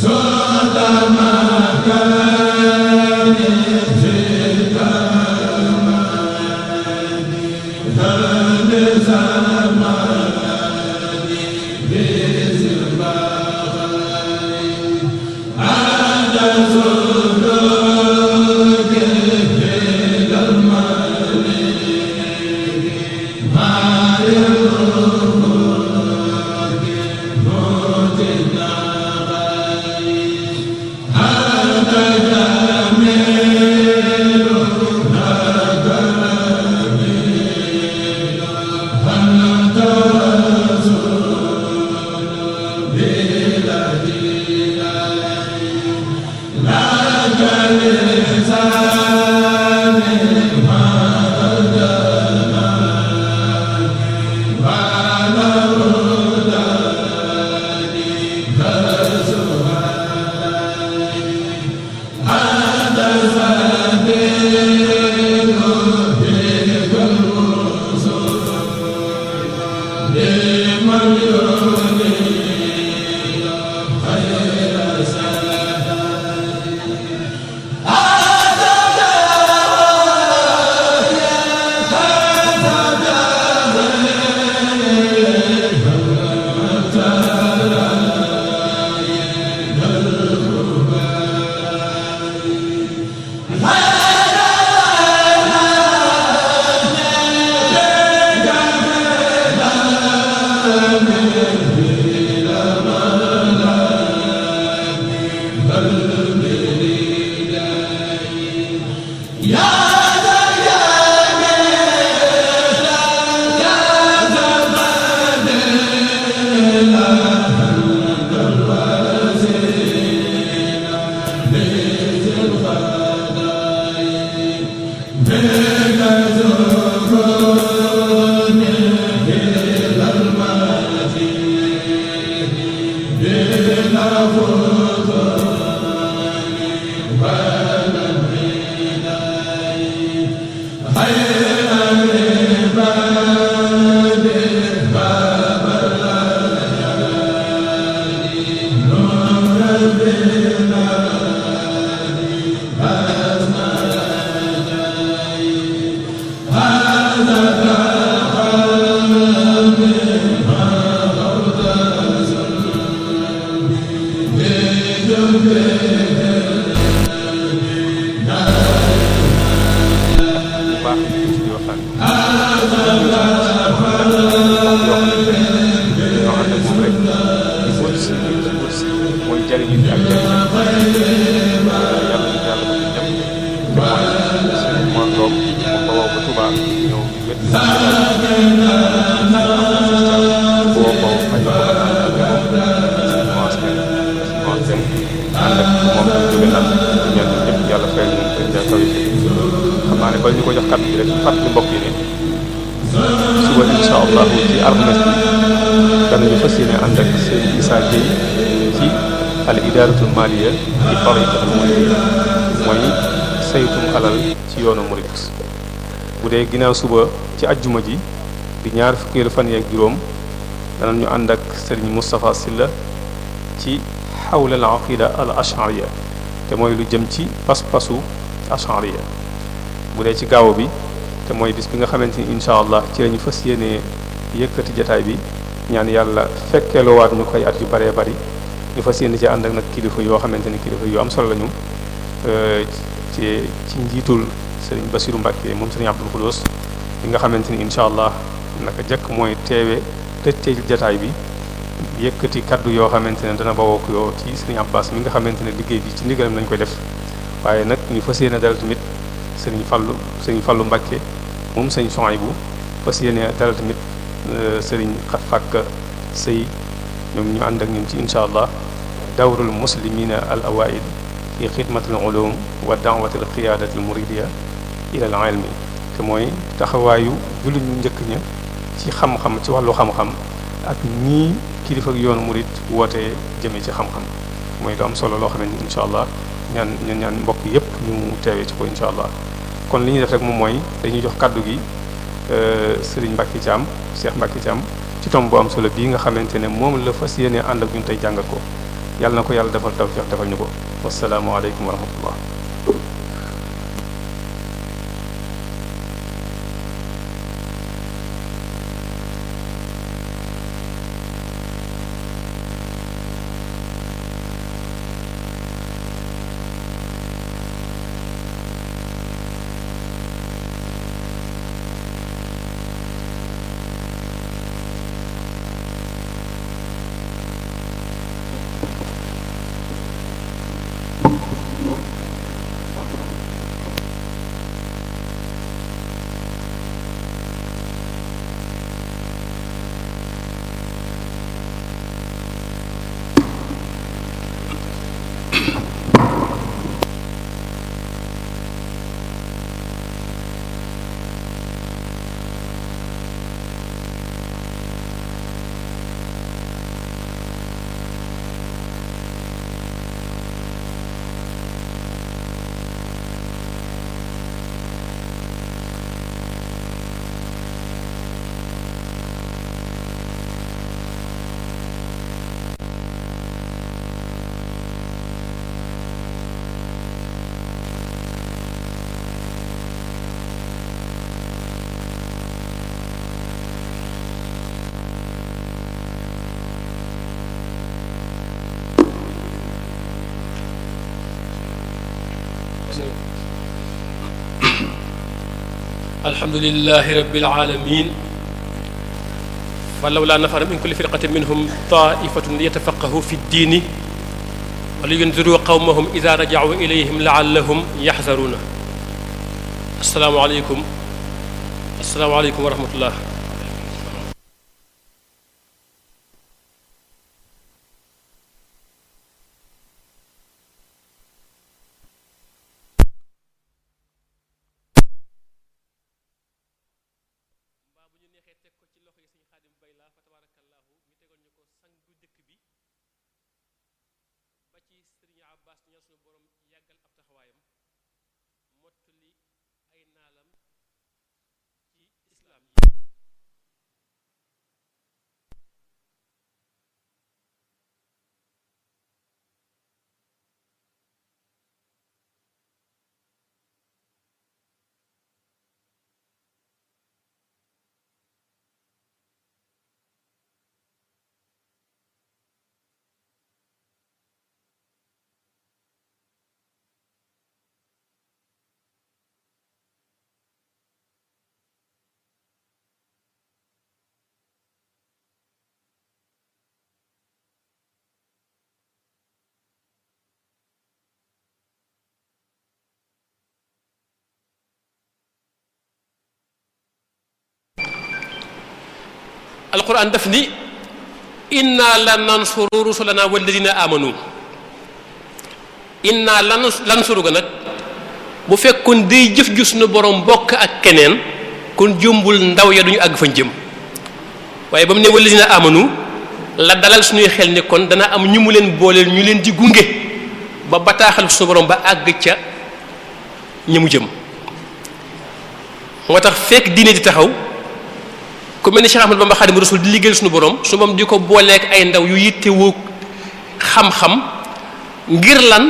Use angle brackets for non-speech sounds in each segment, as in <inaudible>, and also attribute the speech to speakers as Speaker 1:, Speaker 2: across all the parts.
Speaker 1: Zoltama
Speaker 2: bala ñu ko jox kàddu gi rek fàttali mbokk yi ne suba insha allahu ci alxames bi danañu fas yéene ànd ak seen Issa ci al idaaratul maaliya ci tariqatul muridiyya mooy saytum alal ci yoonu murid bu dee ginnaaw suba ci ajjuma ji di ñaar fukkeelu fan yeeg juróom danañu ànd ak sëriñ Moustapha Silla ci xawla al aqida al ashariya te mooy lu jëm ci pas-pasu ashariya bu dee ci gaaw bi te mooy bis bi nga xamante ni incha allah ci la ñu fas yéenee yëkkati jataay bi ñaan yàlla fekkeeluwaat ñu koy at yu baree bari ñu fas yéene ci ànd ak nag kilifa yoo xamante ni kilifa yu am solo lañu euh, ci ci njiitul sëriñ Basiru Mbàkke moom sëriñ Abdul Xudoos li nga xamante ni incha allah naka jëkk mooy teewe tëjteel jataay bi yëkkati kaddu yoo xamante ne dana bawoo ko yoo ci sëriñ Abbas mi nga xamante ne liggéey bi ci ndigalam lañ koy def waaye nag ñu fas yéene dal sëriñ Fallou sëriñ fallu Mbacke moom sëriñ Souhaïbou fas yéene dalal tamit euh, sëriñ xat fàkk sëy ñoom ñu àndak ak ci incha allah dawrul muslimina al awaid fi xidmatil ulum wa daawatil qiyaadatil muridiya ila al ilmi te mooy taxawaayu jullit ñu njëkk ña ci xam-xam ci wàllu xam-xam ak nii kilifa yoonu murit woote jëmee ci xam-xam mooy lu solo loo xam ne incha allah ñan ñun ñaan mbokk yépp ñu teewee ci ko incha allah kon li ñuy def rek moom mooy dañuy jox kàddu gi euh, sëriñ Mbacke Thiam Cheikh Mbacke Thiam ci tomb bu am solo bii nga xamante ne moom la fas yéene ànd ak ñun tey jàngat ko yàlla na ko yàlla defal tawfeex defal ñu ko wasalaamualeykum wa rahmatullah
Speaker 3: alhamdulilahi rabbil alamin falawla nafara min kulli firqatin minhum taifatun liyatafaqahu fi ddiini wa liyundiru qawmahum ida rajacu ilayhim laallahum yaxzaruuna asalaamaaleykum asalaamaaleykum wa rahmatullah alquran daf ni inna la nansuru rusulana walladina amanu inna lan lansuru ga nag bu fekkoon day jëf ju suñu borom bokk ak keneen kon jëmbul ndaw ya duñu àgg fañ jëm waaye ba mu ne walladina amanu la dalal suñuy xel ni kon dana am ñu mu leen booleel ñu leen di gunge ba bataaxal suñu borom ba àgg ca ñi jëm moo tax fekk diine di taxaw ku mel ni Cheikh Ahmadou Bamba Xaadimu Rasuul di liggéeyal suñu borom su moom di ko booleek ay ndaw yu yittewoo xam-xam ngir lan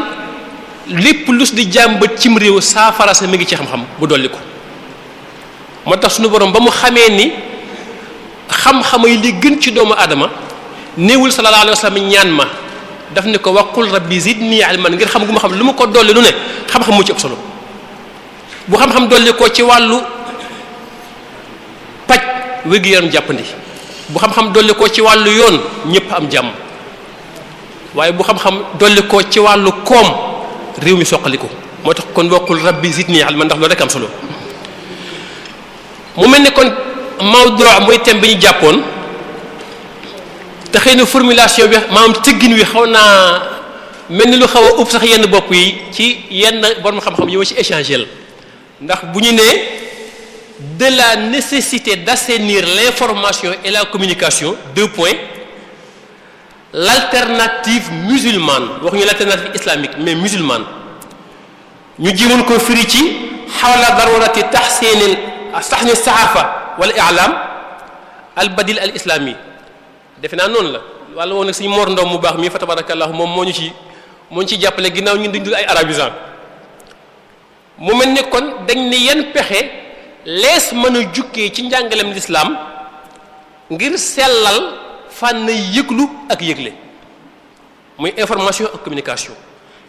Speaker 3: lépp lus di jàmbat cim réew saafara sa mi ngi ci xam-xam bu dolli ko moo tax suñu boroom ba mu xamee ni xam-xam yi li gën ci doomu aadama néewul sallallahu alayhi wa sallam ñaan ma daf ne ko waqul rabbi zidni ilman ngir xam gu ma xam lu mu ko dolli lu ne xam-xam mu ci ëpp solo bu xam-xam dolli ko ci wàllu paj wér-gu-yaram jàppandi bu xam-xam dolli ko ci wàllu yoon ñëpp am jàmm waaye bu xam-xam dolli ko ci wàllu koom réew mi soqaliku moo tax kon bokkul rabbi zidni ma ndax loolu rek am solo mu mel ni kon mawdu mooy thème bi ñu jàppoon te xëy na formulation bi maanaam tëggin wi xaw naa mel ni lu xaw a ub sax yenn bopp yi ci yenn borom xam-xam yi ci échanger la ndax bu ñu nee de la nécessité d'assainir l'information et la communication deux points l'alternative musulmane wax ñu l'alternative islamique mais musulmane ñu jiwoon ko firi ci xawla darurati taxsinil taxsini saxaafa wala i'lam al badil al islami defe naa noonu la walla woon nag suñu Mor Ndom mu baax mii fa tabarakallahu moom moo ñu ci moo ñu ci jàppale ginnaaw ñun dañ dul ay arabisant mu mel ni kon dañ ne yan pexe lees mën a jukkee ci njàngalem lislaam ngir sellal fànn yëglu ak yëgle muy information ak communication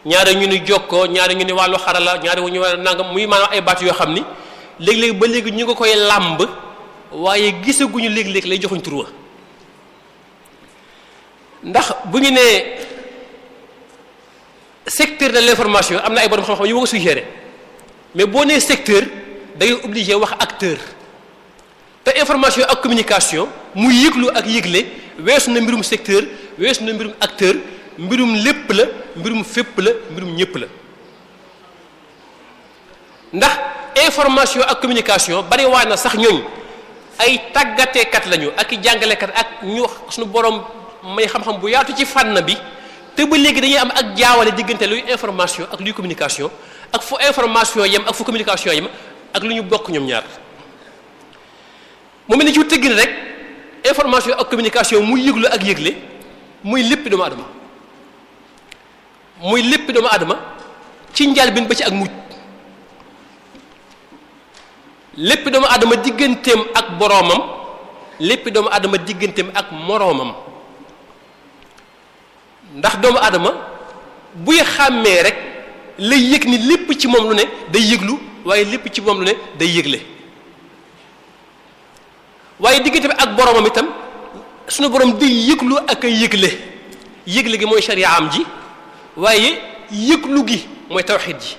Speaker 3: ñaari ñu ni jokkoo ñaari ñu ni wàllu xarala ñaari ñu wàllu nangam muy maanaam ay baat yoo xam ni léeg-léeg ba léegi ñu nga koy làmb waaye gisaguñu léeg-léeg lay joxuñ turwa ndax bu ñu nee secteur de l'information am na ay borom xam-xam yu ma ko suggéré mais boo nee secteur da ngeen wax acteur te information ak communication mu yëglu ak yëgle weesu na mbirum secteur weesu na mbirum acteur mbirum lépp la mbirum fépp la mbirum ñëpp la ndax information ak communication bari waa na sax ñooñ ay tàggateekat lañu ak i jàngalekat ak ñu suñu borom may xam-xam bu yaatu ci fànn bi te ba léegi dañuy am ak jaawale diggante luy information ak luy communication ak fu information yem ak fu communication yem ak lu ñu bokk ñoom ñaar mu mel ni ci tëggin rek information ak communication muy yëglu ak yëgle muy lépp doomu adama muy lépp doomu adama ci njaal bin ba ci ak mujj lépp doomu adama digganteem ak boroomam lépp doomu adama digganteem ak moroomam ndax doomu adama buy xàmmee rek lay yëg ni lépp ci moom lu ne day yëglu waaye lépp ci moom lu ne day yëgle waaye diggante bi ak boromam itam sunu borom day yëglu ak ay yëgle yëgle gi mooy shariyaam ji waaye yëglu gi mooy tawxiid ji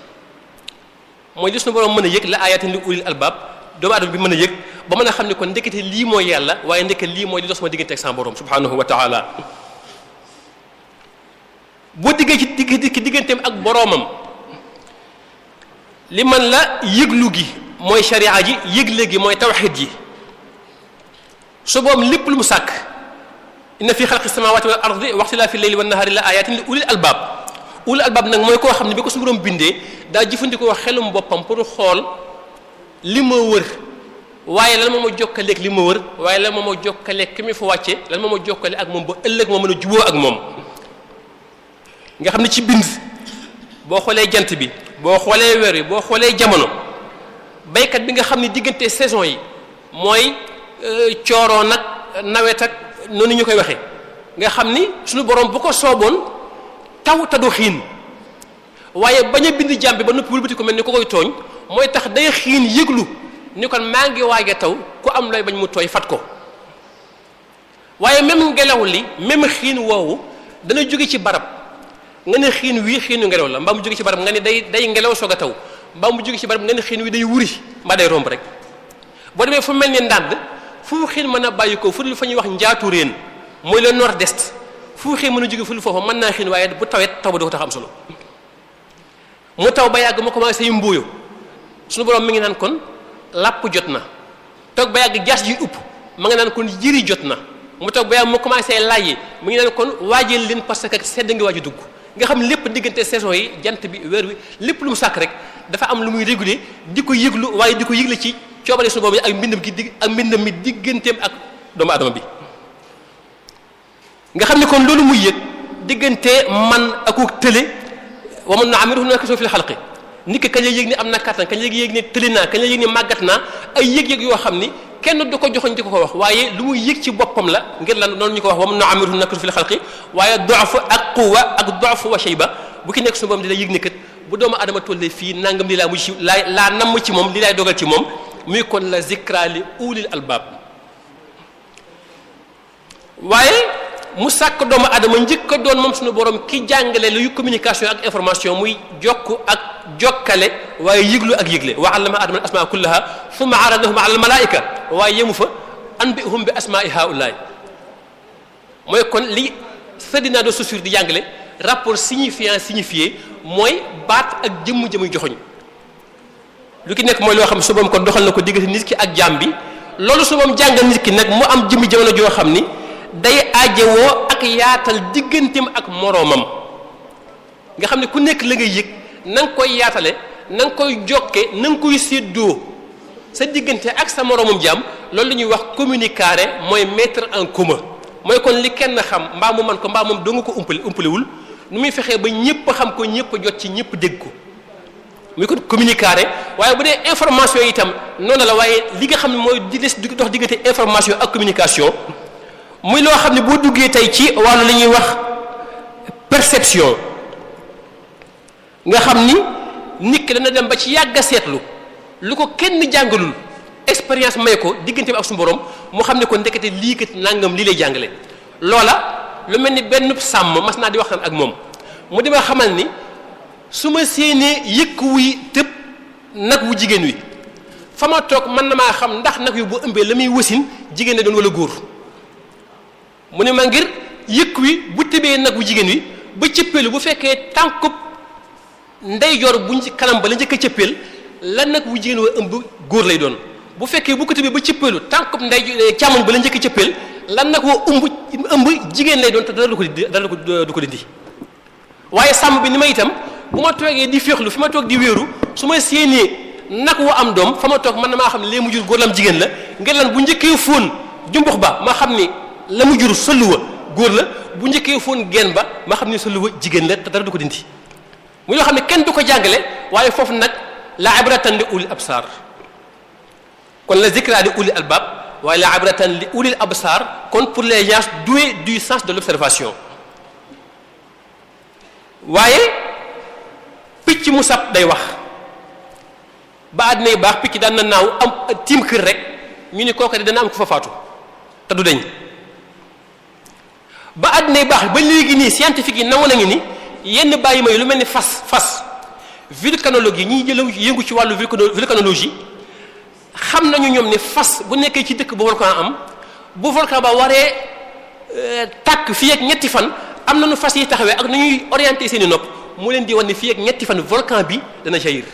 Speaker 3: mooy li sunu borom mën a yëg la ayatin li ulil albaab doomu aadama bi mën a yëg ba mën a xam ne ko ndekete lii mooy yàlla waaye ndekete lii mooy li dox sama diggante ak sama borom subhanahu wa taala boo diggee ci digganteem ak boroomam li man la yëglu gi mooy sharia ji yëgle gi mooy tawxid ji su boom lépp lu mu sàkk inna fi xalqi samawati wal ardi waxtilaafi leyli wan nahaari la ayatin li ulil albaab ulil albaab nag mooy koo xam ne bi ko su borom bindee daa jëfandikoo xelum boppam pour xool li ma wër waaye lan moo ma jokkaleek li ma wër waaye lan moo ma jokkaleeg ki mi fa wàcce lan moo ma jokkale ak moom ba ëllëg ma mën a juboo ak moom nga xam ne ci bind boo xoolee jant bi boo xoolee weer yi boo xoolee jamono baykat bi nga xam ne diggante saison yi mooy euh, cooroo nag nawet ak noonu ñu koy waxee nga xam ni suñu borom bu ko sooboon taw te du xiin waaye bañ a bind jàmm bi ba noppi wulbati ko mel ni ko koy tooñ mooy tax day xiin yëglu ni kon maa ngi waaje taw ku am looy bañ mu tooy fat ko waaye même ngelaw li même xiin woowu dana jóge ci barab. nga ne xiin wii xiinu ngelaw la mbaa mu jóge ci barab nga ne day day ngelaw soog a taw mbaa mu jóge ci barab nga ne xiin wi day wuri mbaa day romb rek boo demee fu mel ni ndànd fu xiin mën a bàyyi ko fu dul fa ñuy wax njaatu réen mooy le nord-est fu xiin mën a jóge fu dul mën naa xiin waaye bu tawet taw ba du ko tax am mu taw ba yàgg mu commencé yu mbuuyo borom mi ngi naan kon làpp jot na toog ba yàgg jas ji upp ma nga naan kon jiri jot na mu toog ba yàgg mu commencé laaj yi mu ngi naan kon waajal leen parce que sedd ngi waaju dugg nga xam lépp diggante saison yi jant bi weer wi lépp lu mu sàkk rek dafa am lu muy réguler di ko yëglu waaye di ko yëgle ci coobare suñu boobu ak mbindam gi digg ak mbindam mi digganteem ak doomu adama bi nga xam ni kon loolu muy yëg diggante man akuk tële wa mën na am it wax na ko soo fi xalqi nit ki kañ la yëg ni am na kattan kañ la yëg ni tëli naa kañ la yëg ni màggat naa ay yëg-yëg yoo xam ni kenn du ko joxoñ di ko ko wax waaye lu muy yëg ci boppam la ngir la noonu ñu ko wax wa nu'ammirhu nakkidu fil xalqi waaye dofu ak quwwa ak dofu wa ba bu ki nekk suñu borom di la yëg ni kat bu doomu adama tollee fii nangam li laa mujj ci laa laa namm ci moom li laay dogal ci moom muy kon la zikra li ulil albab waaye mu sàkk doomu adama njëkk doon moom suñu borom ki jàngale luy communication ak information muy jokk ak jokkale waaye yëglu ak yëgle wa allama adama al asmaa kullaha thumma ma ala al waaye yemu fa anbihum bi asmaai haulaay mooy kon li Seydina de Saussure di jàngale rapport signifiant signifié mooy baat ak jëmm jëmuy joxoñ lu ki nekk mooy loo xam su boom kon doxal na ko diggante nit ki ak jaam bi loolu su boom jàngal nit ki nag mu am jëmmi jamono joo xam ni day aajowoo ak yaatal digganteem ak moroomam nga xam ne ku nekk la nga yëg na koy yaatale na nga koy jokke na nga koy séddoo sa diggante ak sa moroomam jaam loolu la ñuy wax communiquer mooy mettre en commun mooy kon li kenn xam mbaa mu man ko mbaa moom doo nga ko umpale umpalewul nu muy fexee ba ñëpp xam ko ñëpp jot ci ñëpp dégg ko muy kon communiquer waaye bu dee information yi itam noonu la waaye li nga xam ne mooy di des dox diggante information ak communication muy loo xam ne boo duggee tey ci wàllu la ñuy wax perception nga xam ni nit ki dana dem ba ci yàgg a seetlu lu ko kenn jàngalul expérience may ko diggante bi ak suñu borom mu xam ne ko ndekete lii kat nangam lii lay jàngale loola lu mel ni benn sàmm mas naa di waxtaan ak moom mu dima xamal ni su ma séenee yëkk wuy tëb nag wu jigéen wi fa ma toog mën na maa xam ndax nag yu bu ëmbee la muy wasin jigéen la doon wala góor mu ne ma ngir yëkk wi bu tëbee nag wu jigéen wi ba cëppeelu bu fekkee tànkub ndeyjoor bu kanam ba la njëkk a cëppeel la nag wu jigéen wa góor lay doon bu fekkee bu ko tëbee ba cëppeelu tànkub ndey eh, càmmoñ ba la njëkk a cëppeel lan nag woo ëmb ëmb jigéen lay doon te dara du ko dara du ko dindi waaye sàmm bi ni ma itam bu ma toogee di féexlu fi ma toog di wéeru su may séenee nag woo am doom fa ma toog mën na maa xam ne lee mu jur góor lam jigéen la ngir lan bu njëkkee fóon jumbux ba ma xam ni la mu jur sëlluwa góor la bu njëkkee foon geen ba ma xam ne sëlluwa jigéen la te dara du ko dindi mu yoo xam ne kenn du ko jàngale waaye foofu nag la ibratan li ulil absar kon la zikra li ulil albab waaye la ibratan li ulil absar kon pour les gens doués du sens de l'observation waaye picc mu sab day wax ba àddina baax picc daan na naaw am tiim kër rek ñu ni kooka de dana am ku fa te du deñ ba àddina baax ba léegi nii scientifique yi nangu nañu ni yenn bàyyi may lu mel ni fas fas volcanologue yi ñiy jëlaw yëngu ci wàllu volcanologie xam nañu ñoom ni fas bu nekkee ci dëkk bu volcan am bu volcan ba waree euh, tàkk fii ak ñetti fan am nañu fas yi taxawee ak nañuy orienté seen i nopp mu leen di wan ne fii ak ñetti fan volcan bi dana jaillir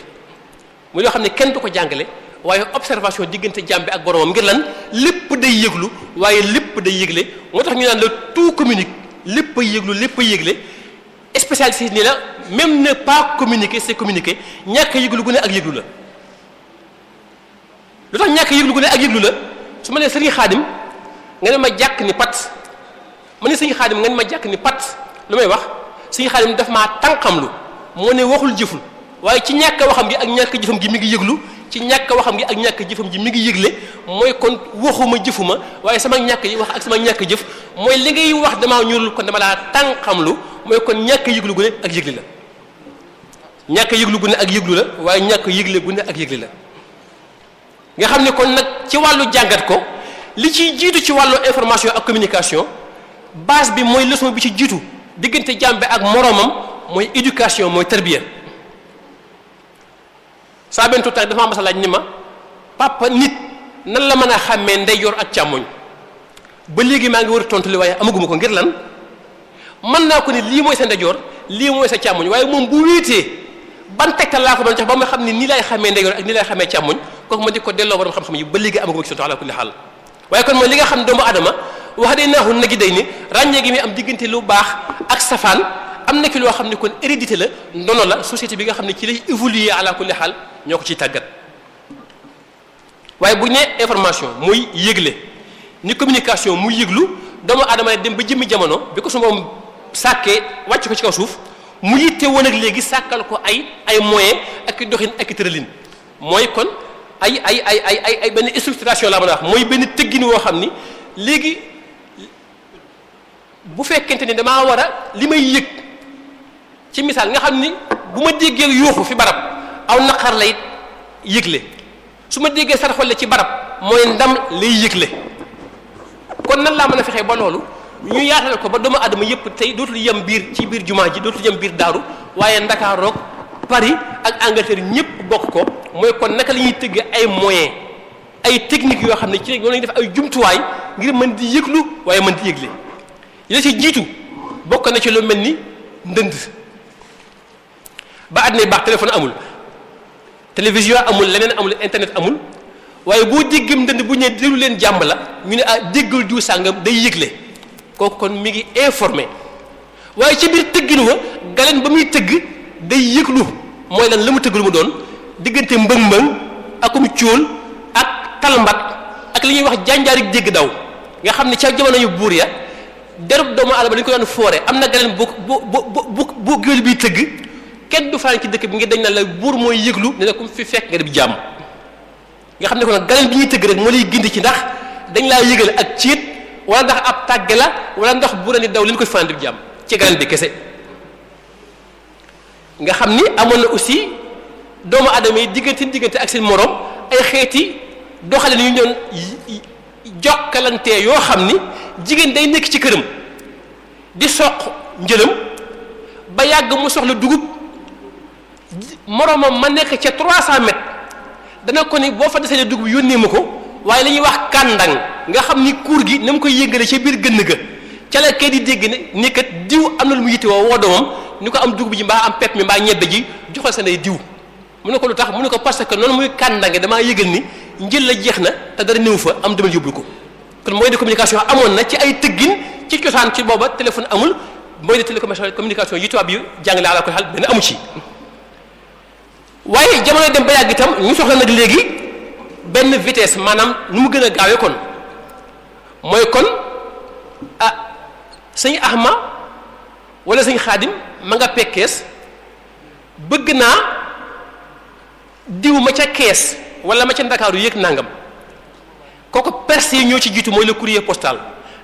Speaker 3: mu loo xam ne kenn du ko jàngale waaye observation diggante jaam ak boromam ngir lan lépp day yëglu waaye lépp day yëgle moo tax ñu naan la tout communique lépp a yëglu lépp a yëgle spécialiste nii la même ne pas communiquer c'est communiquer ñàkk yëglu gu ne ak yëglu la lu tax ñàkk yëglu gu ne ak yëglu la su ma nee sëriñ xaadim nga ne ma jàkk ni pat ma ne sëriñ xaadim nga ne ma jàkk ni pat lu may wax sëriñ xaadim daf ma tànqamlu moo ne waxul jëful waaye ci ñàkk waxam gi ak ñàkk jëfam gi mi ngi yëglu ci ñàkk waxam gi ak ñàkk jëfam ji mu ngi yëgle mooy kon waxuma jëfuma waaye sama ñàkk yi wax ak sama ñàkk jëf mooy li ngay wax damaa ñuul kon dama laa tànqamlu mooy kon ñàkk yëglu gu ne ak yëgle la ñàkk yëglu gu ne ak yëglu la waaye ñàkk yëgle gu ne ak yëgle la nga xam ne kon nag ci wàllu jàngat ko li ciy jiitu ci wàllu information ak communication base bi mooy leçon bi ci jiitu diggante jàmbe ak moroomam mooy éducation mooy tarbiya saa benn tuut dafa mas a ni ma papa nit nan la mën a xàmmee ndeyjoor ak càmmoñ ba léegi maa ngi war a tontu li waaye amaguma ko ngir lan mën naa ko ni lii mooy sa ndeyjoor lii mooy sa càmmoñ waaye moom bu wéetee ban tegtal laa ko doon jox ba ma xam ni nii lay xàmmee ndeyjoor ak nii lay xàmmee càmmoñ kooku ma di ko delloo borom xam-xam yi ba léegi amaguma gis ala kulli xaal waaye kon mooy li nga xam doomu adama wax day naaxul nag day ni ràññee gi muy am diggante lu baax ak safaan am na ci loo xam ne kon hérédité la ndono la société bi nga xam ne ci lay évoluer ala kulli xaal ñoo ko ciy tàggat waaye bu ñu information muy yëgle ni communication mu yëglu doomu aadama dem ba jëmmi jamono bi ko su moom sàkkee wàcc ko ci kaw suuf mu yitte woon ak léegi sàkkal ko ay ay moyen ak i doxin ak i tëralin mooy kon ay ay ay ay ay ay benn structuration laa mën a wax mooy benn tëggin woo xam ni léegi bu fekkente ni damaa war li may yëg ci misaal nga xam ni bu ma déggee yuuxu fi barab aw naqar lay yëgle su ma déggee sarxole ci barab mooy ndam lay yëgle kon nan laa mën a fexee ba loolu ñu yaatale ko ba doomu adama yëpp tey dootul yem biir ci biir jumaa ji dootul yem biir daaru waaye ndakaaroog Paris ak Angleterre ñëpp bokk ko mooy kon naka lañuy ñuy tëggee ay moyen ay techniques yoo xam ne ci loolu la def ay jumtuwaay ngir mën di yëglu waaye man di yëgle li ci jiitu bokk na ci lu mel ni ndënd ba àddina baax téléphone amul télévision amul leneen amul internet amul waaye boo déggam ndënd bu ñëwee déglu leen jàmm la ñu ne ah déggal diw sàngam day yëgle kooku kon mi ngi informé waaye ci biir tëggin wa galeen ba muy tëgg day yëglu mooy lan la mu tëgg lu mu doon diggante mbëng-mbëng akum cóol ak talmbat ak li ñuy wax jànjaarik dégg daw nga xam ne ca jamono yu buur ya derub doomu aadama dañu ko doon foore am na galeen bu bu bu bu bu géwél biy tëgg kenn du fanaan ci dëkk bi ngir dañ na la buur mooy yëglu ne la ku fi fekk nga dem jàmm nga xam ne ko nag galan bi ñuy tëgg rek moo lay gindi ci ndax dañ laa yëgal ak ciit wala ndax ab tàgge la wala ndax buur a daw leen koy fanaan dem jàmm ci galan bi kese nga xam ni amoon na aussi doomu aadama yi diggante diggante ak seen moroom ay xeeti doxalin yu ñoon jokkalantee yoo xam ni jigéen day nekk ci këram di soq njëlam ba yàgg mu soxla dugub moromam ma nekk ca 300 mètres dana ko ni boo fa desalee dugub yónnee ma ko waaye li ñuy wax kàndang nga xam ni kuur gi na mu koy yëngale ca biir gënn ga ca la kay di dégg ne ni kat diw am na lu mu yittewoo woo doomam ni ko am dugub ji mbaa am pepp mi mbaa ñebbe ji jox ko sa ndey diw mu ne ko lu tax mu ne ko parce que noonu muy kàndange damaa yëgal ni njël la jeex na te dara néew fa am demal yóbbul ko kon moyen de communication amoon na ci ay tëggin ci cosaan ci booba téléphone amul moyen de télécommunication yi tubaab yi jàngale ala ko ci waaye jamono dem ba yàgg itam ñu soxla nag léegi benn vitesse maanaam nu mu gën a gaawee kon mooy kon ah sëñ Ahma wala sëñ Xaadim ma nga pekkees bëgg naa diw ma ca kees walla ma ca ndakaaru yéeg nangam kooku perse yi ñoo ci jiitu mooy le courrier postal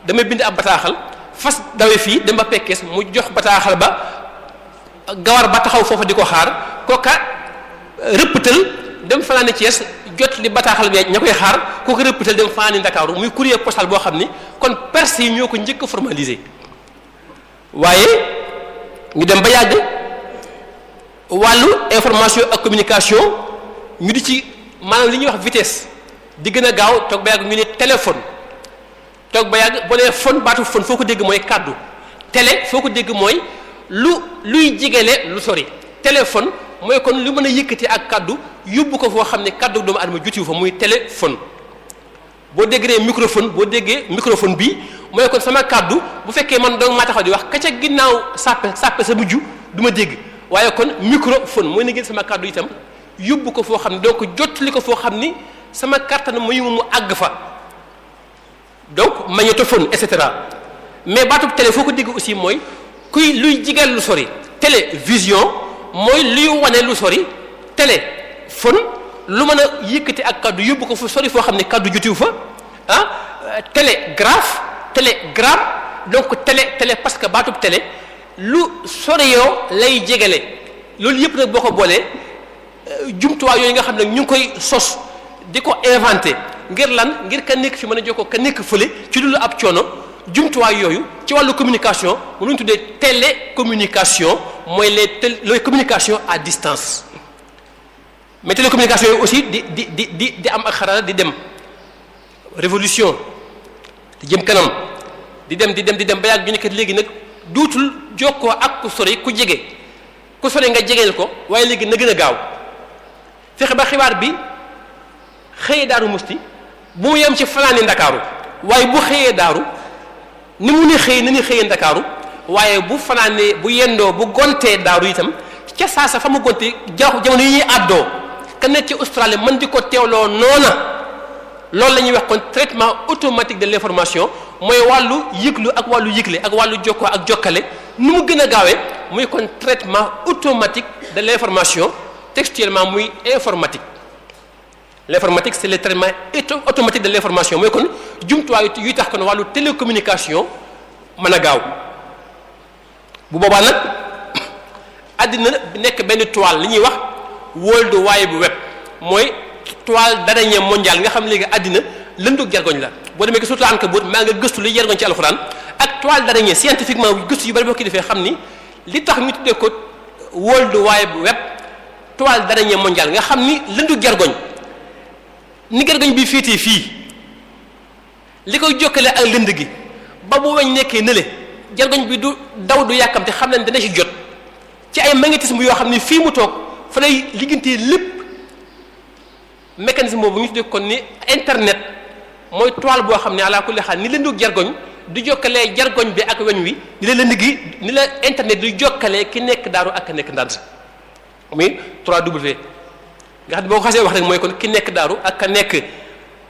Speaker 3: damay bind ab bataaxal fas dawe fii dem ba pekkees mu jox bataaxal ba gawar ba taxaw foofa di ko xaar kooka rëpptal dem fanaani Thiès jot li bataaxal bi ña koy xaar koo ko rëpptal dem fanaani Ndakaaru muy courrier postal boo xam ni kon perse yi ñoo ko njëkk a waaye ñu dem ba yàgg wàllu information ak communication ñu di ci maanaam li ñuy wax vitesse di gën a gaaw toog ba yàgg ñu ne téléphone toog ba yàgg boo nee phone baatu phone foo ko dégg mooy kàddu télé foo ko dégg mooy lu luy jigale lu sori téléphone mooy kon lu mën a yëkkati ak kàddu yóbbu ko foo xam ne kaddu doomu adama jutiwu fa muy téléphone boo déggee microphone boo déggee microphone bi mooy kon sama kàddu bu fekkee man dong maa taxaw di wax ka ginnaaw sàppe sàppe sa mujj du ma dégg waaye kon microphone mooy na ngeen sama kaddu itam yóbbu ko foo xam ne donc jottali ko foo xam ni sama kàttan mayu mu àgg fa donc magnétophone et cetera mais baatub télé foo ko dégg aussi mooy kuy luy jigéen lu sori télévision mooy luy wane lu sori télé fon lu mën a yëkkati ak kaddu yëpp ko fu sori foo xam ne kaddu jutiw fa ah télégraphe télégramme donc télé télé parce que baatub télé lu sori yoo lay jegale loolu yëpp nag boo ko boolee euh, jumtuwaay yooyu nga xam ne ñu ngi koy sos di ko inventé ngir lan ngir ka nekk fi mën a ko ka nekk fële ci lu ab coono jumtuwaay yooyu ci wàllu communication mu lu ñu tuddee télécommunication mooy les les communication à distance mais télécommunication yooyu aussi di di di di di am ak xarala di dem révolution di jëm kanam di dem di dem di dem ba yàgg ñu nekk léegi nag duutul jokkoo ak ku sori ku jege ku sori nga jegeel ko waaye léegi na gën a gaaw fexe ba xibaar bi xëyee daaru musti bu mu yem ci fanaani ndakaaru waaye bu xëyee daaru ni mu ne xëy na ni xëyee ndakaaru waaye bu fanaanee bu yendoo bu gontee daaru itam ca saasa fa mu gonte jaw jamono yi ñuy àddoo ka nekk ci Australie mën di ko teewloo noona loolu la ñuy wax kon traitement automatique de l'information mooy wàllu yëglu ak wàllu yëgle ak wàllu jokkoo ak jokkale nu mu gën a gaawee muy kon traitement automatique de l'information textuellement muy informatique l'informatique c'est le traitement automatique de l'information mooy kon jumtuwaay yuy tax kon wàllu télécommunication mën a gaaw bu boobaa nag <coughs> àddina nekk benn toile li ñuy wax world wide web mooy toile d'araignée mondiale nga xam léegi àddina lëndug jargoñ la boo demee surtout Ankabut maa nga gëstu li jargoñ ci alxuraan ak toile d'araignee scientifiquement gëstu yu bari boo ko defee xam ni li tax ñu tuddee ko world wide web toile d'araignée mondiale nga xam ni lëndug jargoñ ni gargañ bi féetee fii li koy jokkalee ak lënd gi ba bu weñ nekkee nële jargoñ bi du daw du yàkkamte xam ne dana ci jot ci ay magnétisme yoo xam ne fii mu toog fa lay liggantee lépp mécanisme boobu ñu tuddee kon ni internet mooy toile boo xam ne ala kulli xaal ni lëndu jargoñ du jokkalee jargoñ bi ak weñ wi ni la lënd gi ni la internet du jokkalee ki nekk daaru ak nekk ndand muy 3W nga xam boo xasee wax rek mooy kon ki nekk daaru ak ka nekk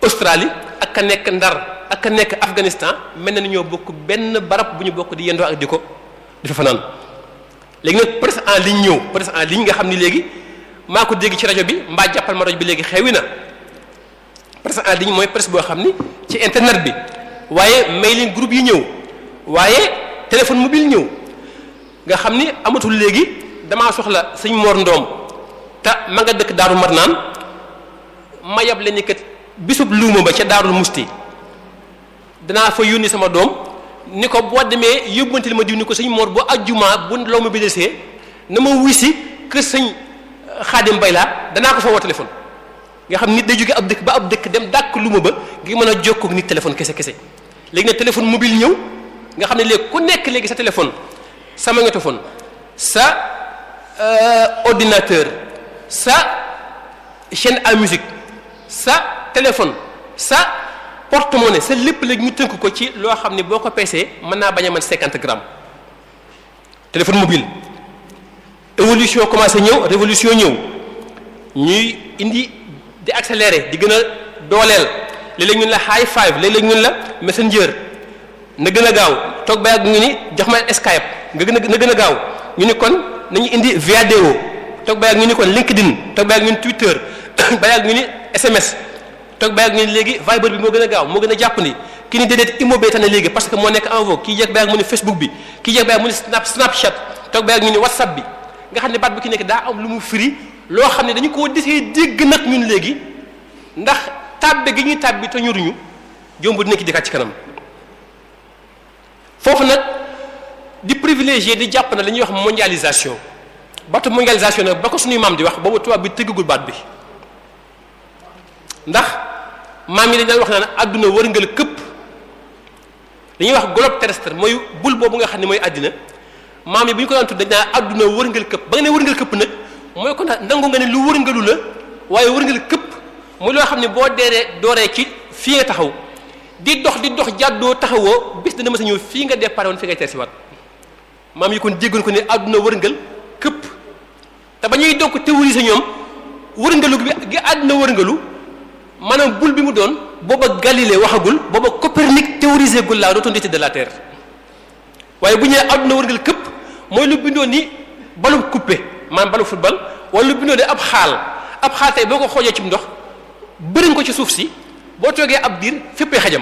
Speaker 3: Australie ak ka nekk Ndar ak ka nekk Afghanistan mel na ni ñoo bokk benn barab bu ñu bokk di yendoo ak di ko di fa léegi nag presse en ligne ñëw presse en ligne nga xam ni léegi maa ko dégg ci rajo bi mbaa jàppal ma rajo bi léegi xewi na presse en ligne mooy presse boo xam ni ci internet bi waaye mailing groupe yi ñëw waaye téléphone mobile ñëw nga xam ni amatul léegi damaa soxla sëñ moor Ndoom te ma nga dëkk daaru marnaan ma yab la ni kat bisub luuma ba ca daarul musti danaa fa yónni sama doom ni ko boo demee yóbbantil ma diw ni ko sëñ moor bu ajjumaa bu loo ma bidesee na ma si kër sëñ eh, xaadim bay laa danaa ko fa woo téléphone nga xam nit day jóge ab dëkk ba ab dëkk dem dàkk luuma ba ngir mën a jokkoo ak nit téléphone kese kese léegi nag téléphone mobile ñëw nga xam ne léegi ku nekk léegi sa téléphone sa magnétophone sa eh, ordinateur sa chaîne à musique sa téléphone sa porte-monnaie sa lépp léegi ñu tënk ko ci loo xam ne boo ko peesee mën naa bañ a mën cinquante grammes téléphone mobile évolution commencé ñëw révolution ñëw ñuy indi di accélérer di gën a dooleel léeg-léeg ñun la high five léeg-léeg ñun la messenger na gën gaaw toog ba yàgg ñu ni jox ma Skype nga gën a na gën a gaaw ñu ni kon nañu indi vidéo toog ba yàgg ñu ni kon LinkedIn toog ba yàgg ñu ni Twitter <coughs> ba yàgg ñu ni SMS toog ba yàgg ñu ni léegi Viber bi moo gën a gaaw moo gën a jàppandi ki ni déedéet Imo bee tane léegi parce que moo nekk en vogue kii jeeg ba mu ni Facebook bi kii jeeg ba yàgg mu ni snap Snapchat toog ba yàgg ñu ni WhatsApp bi nga xam ne baat bu ki nekk daa am lu mu firi loo xam ne dañu koo desee dégg nag ñun léegi ndax tàbbe gi ñuy bi te ñuruñu jomb dina ki ci kanam nag di privilégié di jàpp na la ñuy wax mondialisation baatu mondialisation nag ba ko suñuy maam di wax boobu tubaab bi tëggagul baat bi ndax maam yi dañ daan wax naan àdduna wërngël këpp dañuy wax globe terrestre mooy bul boobu nga xam ne mooy àddina maam yi bu ñu ko daan tudd dañ naan àdduna wërngal këpp ba nga ne wërngal këpp nag mooy ko naan nangu nga ne lu wërngalu la waaye wërngal këpp mu loo xam ne boo deeree dooree ci fii nga taxaw di dox di dox jàddoo taxawoo bis dana mës a ñëw fii nga départ woon fi nga teesiwaat maam yi kon déggoon ko ne àdduna wërngal këpp te ba ñuy dokk théoriser ñoom wërngalu gi àdduna wërngalu maanaam bul bi mu doon booba Galilée waxagul booba Copernic théorisé gul la rotondité de la terre waaye bu ñu nee àdduna wërngal këpp mooy lu bindoo ni balu coupé man balu football wala lu bindoo ni ab xaal ab xaal tey boo ko xoojee ci ndox bëriñ ko ci suuf si boo toogee ab diir féppee xajam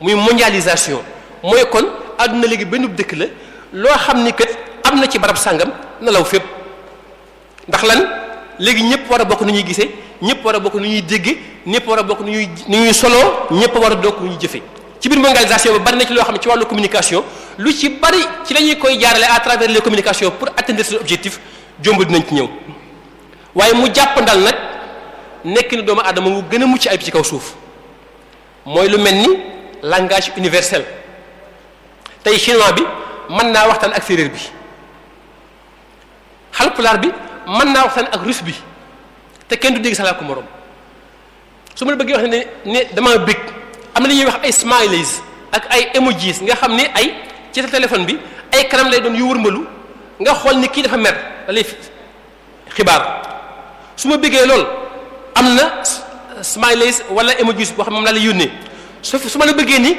Speaker 3: muy mondialisation mooy kon àdduna léegi benn dëkk la loo xam ni kët am na ci barab sàngam nelaw fépp. ndax lan léegi ñëpp war a bokk nu ñuy gisee ñëpp war a bokk nu ñuy dégg ñëpp war a bokk nu ñuy nu ñuy soloo ñëpp war a dokk nu ñuy jëfe ci biir mondialisation bi bari na ci loo xam ne ci wàllu communication lu ci bari ci la ñuy koy jaarale à travers les communications pour atteindre seen objectif jomb dinañ ci ñëw waaye mu jàpp ndal nag nekk na doomu aadama mu gën a mucc ayib ci kaw suuf mooy lu mel ni langage universel tey chinois bi mën naa waxtaan ak séeréer bi xalpulaar bi man naa waxtaan ak rus bi te kenn du dégg sax laa ko morom su ma la bëggee wax ne ne damaa bëgg am na li ñuy wax ay smileys ak ay emojis nga xam ne ay ci sa bi ay kanam lay doon yu wërmbalu nga xool ni kii dafa mer da lay xibaar su ma bëggee lool am na smileys wala emojis boo xam ne moom lay yónnee su su ma la bëggee ni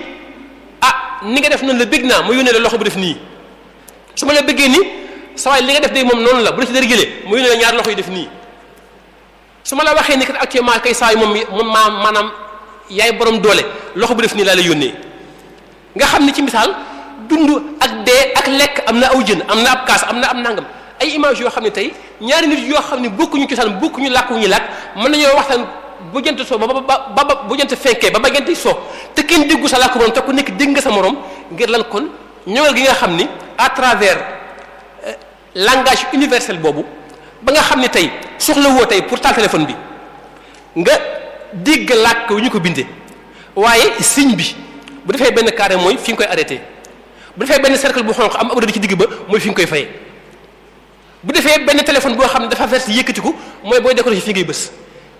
Speaker 3: ah ni nga def noonu la bëgg naa ma yónnee la loxo bu def nii su ma la bëggee nii sawaay li nga def de moom noonu la bu la ci dérégulé muy ne la ñaar loxo yi def nii su ma la waxee ni kat actuellement kay sawaay moom moom maa maanaam yaay borom doole loxo bu def nii laa la yónnee nga xam ni ci misaal dund ak dee ak lekk am na aw jën am na ab kaas am na am nangam ay image yoo xam ne tey ñaari nit yoo xam ne bokkuñu cosaan bokkuñu ñu làkk mën nañoo waxtaan bu jant soo ba ba ba bu jant fenkee ba ba jant soo te kenn déggu sa làkku morom te ku nekk dégg nga sa morom ngir lan kon ñëwal gi nga xam ni à travers langage universel boobu ba nga xam ne tey soxla woo tey pour taal téléphone bi nga dégg làkk wu ñu ko bindee waaye signe bi bu defee benn carré mooy fi nga koy arrêté bu defee benn cercle bu xonq am ab rëdd ci digg ba mooy fi nga koy fayee bu defee benn téléphone boo xam ne dafa vert yëkkatiku mooy booy décroché fi ngay bës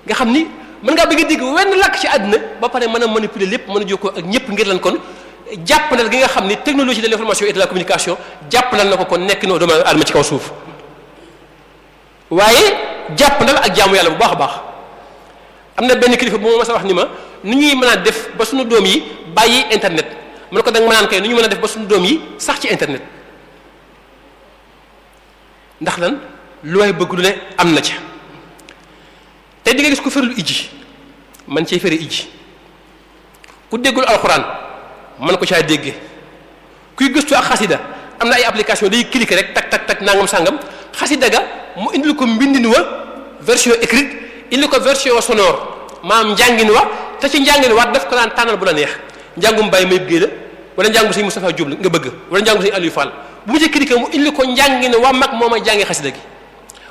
Speaker 3: nga xam ni mën ngaa bëgg a dégg wenn làkk ci àddina ba pare mën a manipuler lépp mën a ko ak ñëpp ngir lan kon jàppalal gi nga xam ni technologie de l'information et de la communication jàppalal na ko ko nekk noo doomu aadama ci kaw suuf waaye jàppalal ak jaamu yàlla bu baax a baax am na benn kilifa bu ma a wax ni ma nu ñuy mën a def ba suñu doom yi bàyyi internet mu ne ko da nga mënaan kay nu ñu mën a def ba suñu doom yi sax ci internet ndax lan lu waay bëgg lu ne am na ca te dinga gis ku ferlu ijji man cee fere ijji ku déggul alxuraan. mën ko caa dégge kuy gëstu ak xasida am na ay application day cliquer rek tag tak tak nangam sangam xasida ga mu indil ko mbindin wa version écrite indil ko version sonore maam njàngin wa te ci njàngin wa daf ko daan tànnal bu na neex njàngum Baye Mayib Guèye la wala njàngum sëñ Moustapha Diop nga bëgg wala njàngum sëñ Aliou Fall bu mu ci cliquer mu indil ko njàngin wa mag moo may jàngee xasida gi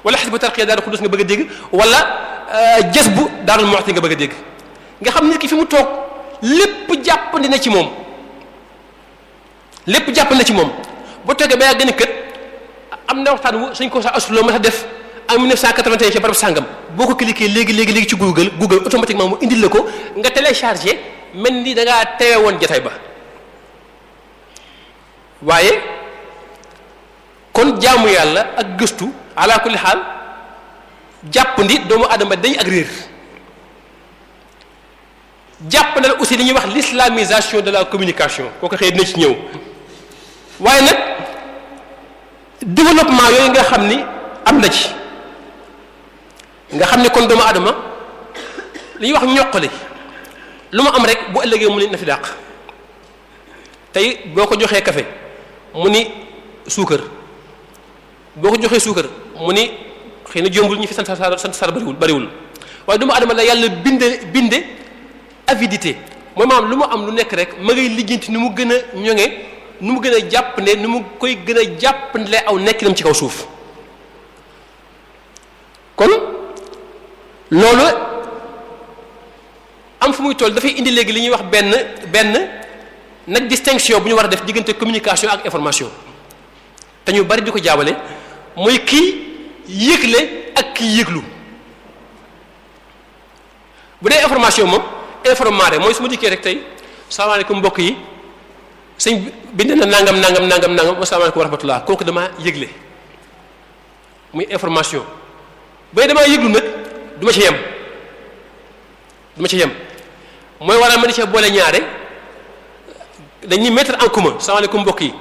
Speaker 3: wala xisbu tarqiya daal xudus nga bëgg a dégg wala euh, jës bu daarul moxti nga bëgg a dégg nga xam nit fi mu toog lépp jàppandi na ci moom lépp jàpp na ci moom boo toogee ba yàgg ni kët am na waxtaan wu suñ ko sax asuloo ma sa def am 1981 ci barab sàngam boo ko cliquer léegi léegi léegi ci Google Google automatiquement mu indil la ko nga téléchargé mel ni da ngaa teewe woon jotaay ba waaye kon jaamu yàlla ak gëstu ala kulli xaal jàpp ndi doomu adama dañ ak réer jàpp na aussi li ñuy wax l'islamisation de la communication kooku xëy dina ci ñëw waaye nag développement yooyu nga xam ni am na ci nga xam ni kon doomu adama li ñuy wax ñoqali lu mu am rek bu ëllëgee mu ni na fi tey boo ko joxee kafe mu ni suukar boo ko joxee suukar mu ni xëy na jombul ñu fi sant sar sant sar bariwul bariwul waaye doomu adama la yàlla binde binde avidité mooy maanaam lu mu am lu nekk rek ma ngay lijjanti ni mu gën a ñoŋe nu mu gën a jàppande ne nu mu koy gën a jàpp ne aw nekkinam ci kaw suuf kon loolu am fu muy toll dafay indi léegi li ñuy wax benn benn nag distinction bu ñu war a def diggante communication ak information te ñu bari di ko jaawale mooy kii yëgle ak kii yëglu bu dee information moom informer mooy su ma dikkee rek tey salaamaaleykum mbokk yi. sëñ bind na nangam nangam nangam nangam asalaamaaleykum wa rahmatullah kooku damaa yëgle muy information bay damaa yëglu nag du ma ci yem du ci yem mooy waral ma di ci boole ñaare dañuy mettre en commun salaamaaleykum mbokk yi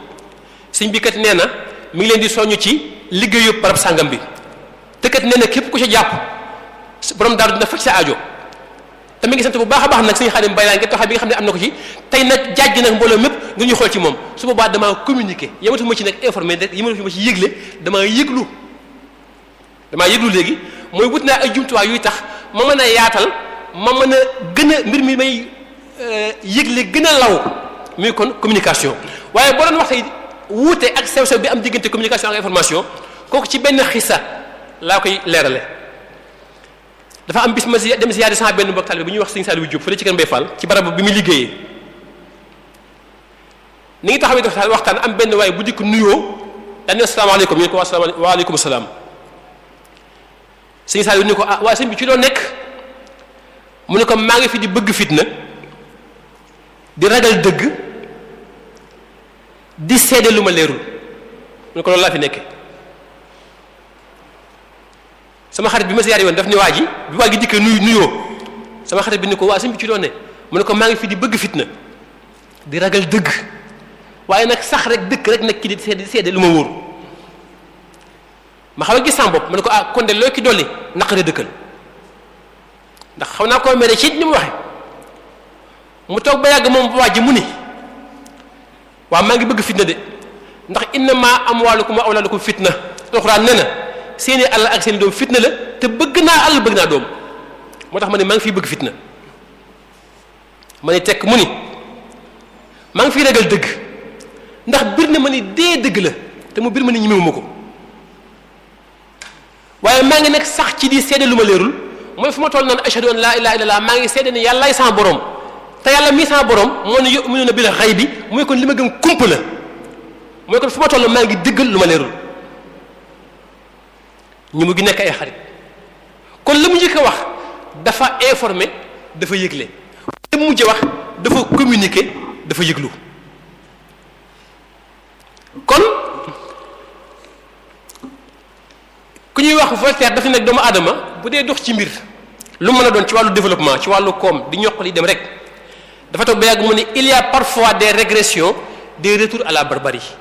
Speaker 3: sëñ bi kat nee na mi ngi leen di soññu ci liggéeyu barab sàngam bi te kat na képp ku ci jàpp borom daal dina faj sa ajo te mi ngi sant bu baax a baax nag suñu xaadim bay laa ngir taxaw bi nga xam ne am na ko ci tey nag jaaj nag mbooloo mépp ngir ñu xool ci moom su boobaa damaa communiqué yamatu ma ci nag informé rek yamatu ma ci yëgle damaa yëglu damaa yëglu léegi mooy wut naa ay jumtuwaay yuy tax ma mën a yaatal ma mën a gën a mbir mi may euh, yëgle gën a law muy kon communication waaye boo doon wax tey wute ak sew-sew bi am diggante communication ak information kooku ci benn xisa laa koy leerale dafa am bis ma si dem si yaari sama benn mbokk taalibe bu ñuy wax sëñ Saliou Diop fële ci kër Mbaye Fall ci barab bi muy liggéeyee ni ngi taxawee dafa waxtaan am benn waaye bu dikk nuyoo daan ne asalaamaaleykum ñu ne ko nu ko ah waaye sëñ ci loo nekk mu ne ko maa ngi fi di bëgg fitna di ragal dëgg di seede lu ma leerul mu ne ko loolu laa fi nekkee. sama xarit bi ma siyaare woon daf ne waa ji bi waa ji dikkee nuyu nuyoo sama xarit bi ni ko waa suñ bi ci doon ne mu ne ko maa ngi fi di bëgg na di ragal dëgg waaye nag sax rek dëkk rek nag ki di seede lu ma wóor ma xaw a gis sama bopp mu ne ko ah kon de loo ki dolli naqare dëkkal ndax xaw naa koo mere ci ni mu waxe mu toog ba yàgg moom waa ji mu ni waaw maa ngi bëgg na de ndax in inna ma ko wa awlaadukum fitna ko nee na n seeni alal ak seeni doom fitna la te bëgg naa alal bëgg naa doom moo tax ma ne maa ngi fiy bëgg fitna ma ne tekk mu ni maa ngi fiy ragal dëgg ndax bir na ma ni dee dëgg la te mu bir ma ni ñemewuma ko waaye maa ngi nekk sax ci di seede lu ma leerul mooy fu ma toll naan ashhadu an laa ilaha illallah maa ngi seede ne yàllaay saa borom te yàlla mii sama borom moo ne yu'minuuna bil bi mooy kon li ma gëm kump la mooy kon fu ma toll maa ngi lu ma leerul ñu mu gi nekk ay xarit kon la mu njëkk a wax dafa informer dafa yëgle la mu mujj dafa communiquer kon ku ñuy wax Voltaire dafa nekk doomu aadama bu dee dox ci mbir lu mën a doon ci wàllu développement ci wàllu koom di ñoqal yi dem rek dafa toog ba yàgg mu ne il y a parfois des régressions de retours à la barbarie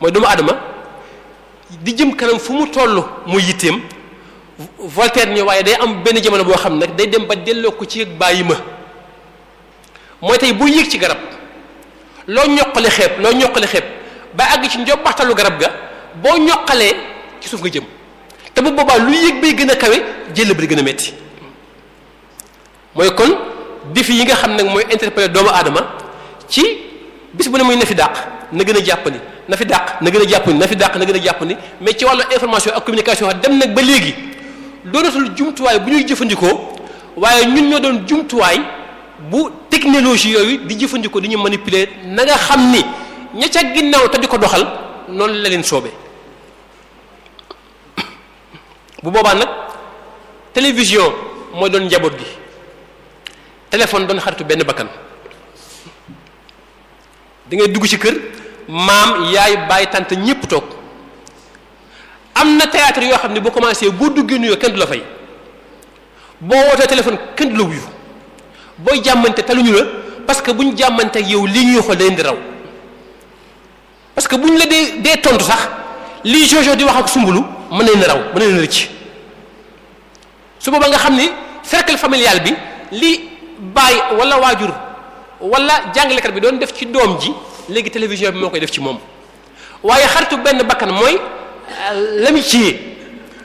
Speaker 3: mooy doomu aadama di jëm kanam fu mu toll mu yitteem Voltaire ni waaye day am benn jamono boo xam nag day dem ba delloo ko ci yëg bàyyi ma mooy tey bu yéeg ci garab loo ñoqale xeeb loo ñoqale xeeb ba àgg ci njobbaxtalu garab ga boo ñoqalee ci suuf nga jëm te bu boobaa lu yéeg bay gën a kawe jël bi gën a metti mooy kon défi yi nga xam nag mooy interpeller doomu aadama ci bis bu ne muy ne fi dàq na gën a jàppali na fi dàq na gën a jàpp ni dàq na gën a jàpp ni mais ci wàll information ak communication dem nag ba léegi doonatul jumtuwaay bu ñuy jëfandikoo waaye ñun ñoo doon jumtuwaay bu technologie yooyu di jëfandikoo dañu ñu manipuler na nga xam ni ña ca ginnaaw te di ko doxal noonu la leen soobee bu boobaa nag télévision mooy doon njaboot gi téléphone doon xaritu benn bakkan dangay dugg ci kër. maam yaay bàyyi tant ñëpp toog am na théâtre yoo xam ne boo commencé boo duggee nuyoo kenn du la fay boo wootee téléphone kenn du la wuyu booy jàmmante taluñu la parce que bu ñu yow lii ñuy xool leen di parce que bu la dee dee tontu sax lii jojo di wax ak sumbulu mën nañ raw mën nañ rëcc suba ba nga xam ni cercle familial bi li bàyyi wala waajur walla wala jàngalekat bi doon def ci doom ji léegi télévision bi moo koy def ci moom waaye xaritu benn bakkan mooy euh, la ci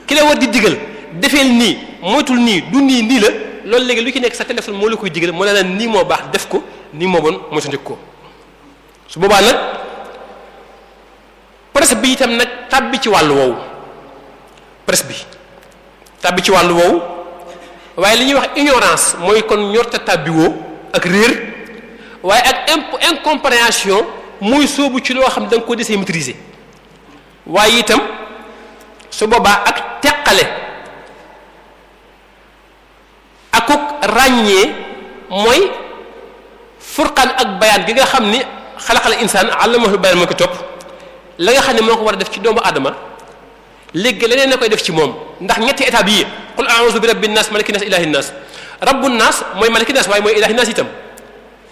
Speaker 3: ki la war di diggal defeel nii moytul nii du nii nii la loolu léegi lu ci nekk sa téléphone moo la koy digal mu ne la nii moo baax def ko nii moo bon mooy sa njëkk ko su boobaa nag presse bi itam nag tàbbi ci wàllu woowu presse bi tàbbi ci wàllu woowu waaye li ñuy wax ignorance mooy kon ñorta tàbbiwoo ak réer waaye ak imp incompréhension muy sóobu ci loo xam da nga ko desee maîtriser waaye itam su boobaa ak teqale akuk ràññee mooy furqaan ak bayaan gi nga xam ni xalaxala insaan allamahu bayaan moo ko topp la nga xam ne moo ko war a def ci doomu aadama léegi leneen na koy def ci moom ndax ñetti étape yii qul a'udhu bi rabbin nas maliki nas ilahi nas rabbu nas mooy maliki nas waaye mooy ilahi nas itam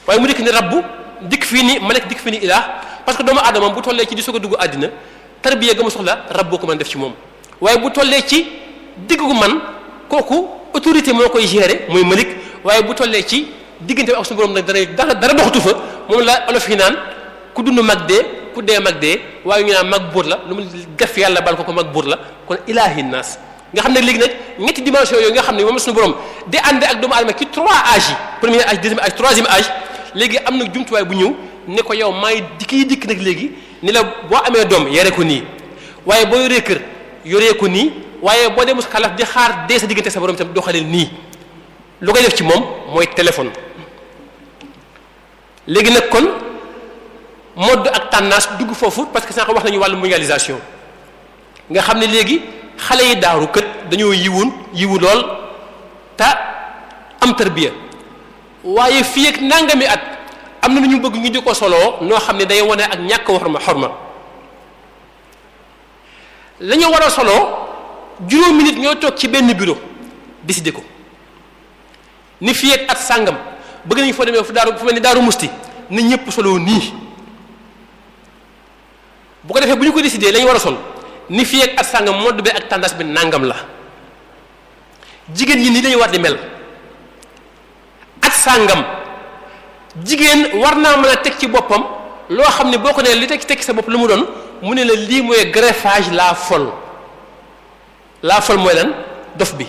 Speaker 3: waaye mu dikk ni rabbu dikk fii ni malek dikk fii ni ilaah parce que doomu aadama bu tollee ci di soog a dugg àddina tarbiya ga soxla rab boo ko mën def ci moom waaye bu tollee ci digg ko man kooku autorité moo koy gérer mooy malik waaye bu tollee ci diggante ak suñu borom nag dara dara doxatu fa moom la olof yi naan ku dund mag dee ku dee mag dee waaye ñu naan mag buur la lu mu def yàlla bal ko ko mag buur la kon ilaahi naas nga xam ne léegi nag ñetti dimension yooyu nga xam ne moom suñu borom di ànd ak doomu aadama ci trois âge yi premier âge deuxième âge troisième léegi am na jumtuwaay bu ñëw ne ko yow maay dikkiy dikk nag léegi ni la boo amee doom yore ko nii waaye boo yoree kër yoree ko nii waaye boo dee mos xalaat di xaar dee sa diggante sa borom itam doxaleel nii lu koy def ci moom mooy téléphone. léegi nag kon mode ak tànnaas dugg foofu parce que sànq wax nañu wàllu mondialisation nga xam ne léegi xale yi daaru kët dañoo yiwoon yiwu lool te am tarbiya waaye fii ak nangami at am na lu ñu bëgg ñu di ko soloo noo xam ne day wane ak ñàkk xorma xorma la ñu war a soloo juróomi nit ñoo toog ci benn bureau décidé ko ni fii ak at sàngam bëgg nañu foo demee fu daaru fu mel ni daaru musti na ñëpp soloo nii bu ko defee bu ñu ko décidé la war a sol ni fii ak at sàngam modd bi ak tendance bi nangam la jigéen ñi nii lañu war di mel sàngam jigéen war naa mën a teg ci boppam loo xam ne boo ko nee li teg teg sa bopp lu mu doon mu ne la lii mooy greffage la fol laa fol mooy lan dof bi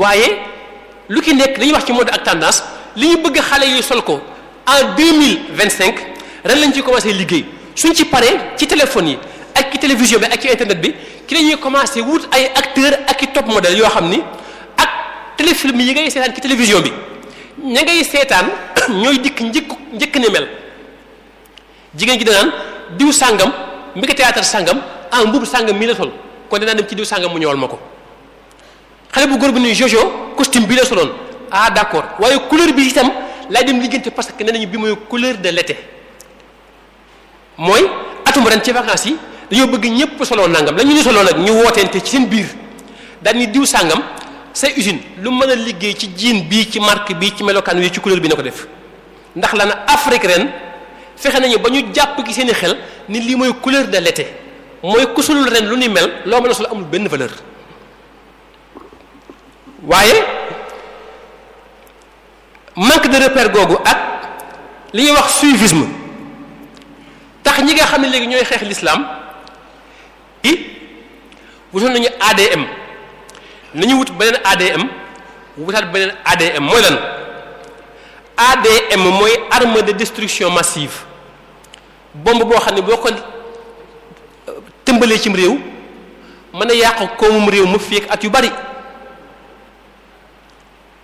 Speaker 3: waaye lu ki nekk dañuy wax ci mode ak tendance li ñu bëgg xale yuy sol ko en deux mille vingt cinq ren lañ ci commencé liggéey suñ ci paree ci téléphone yi ak ci télévision bi ak ci internet bi ki la ñuy commencé wut ay acteurs ak i top modèles yoo xam ni. téléfilm yi ngay seetaan ci télévision bi ña ngay seetaan <coughs> ñooy dikk njëkk njëkk ne mel jigéen ji danaan diw sàngam mi ko théâtre sàngam ah mbubu sàngam mii la sol kon danaa dem ci diw sàngam mu ñëwal ma ko xale bu góor bu ni jojo costume bii la soloon ah d'accord waaye couleur bi itam laay dem liggéeyante parce que nee nañu bi mooy couleur de l'été mooy atum ren ci vacances yi dañoo bëgg ñëpp soloo nangam lañu ñu ñu soloo nag ñu wooteente ci seen biir daal diw sàngam say usine lu mën a liggéey ci jiin bii ci marque bii ci melokaan wi ci couleur bi na ko def ndax la na Afrique ren fexe nañu ba ñu jàpp ci seeni xel ni lii mooy couleur de l'été mooy kusulul ren lu nu mel loo mën a sol amul benn valeur waaye manque de repère googu ak li ñuy wax suivisme tax ñi nga xam ne léegi ñooy xeex l'islam i wutoon nañu ADM nañu wut beneen ADM wutaat beneen ADM mooy lan ADM mooy arme de destruction massive bomb boo xam ne boo ko tëmbalee cim réew mën a yàq koomum réew mu fii ak at yu bari bu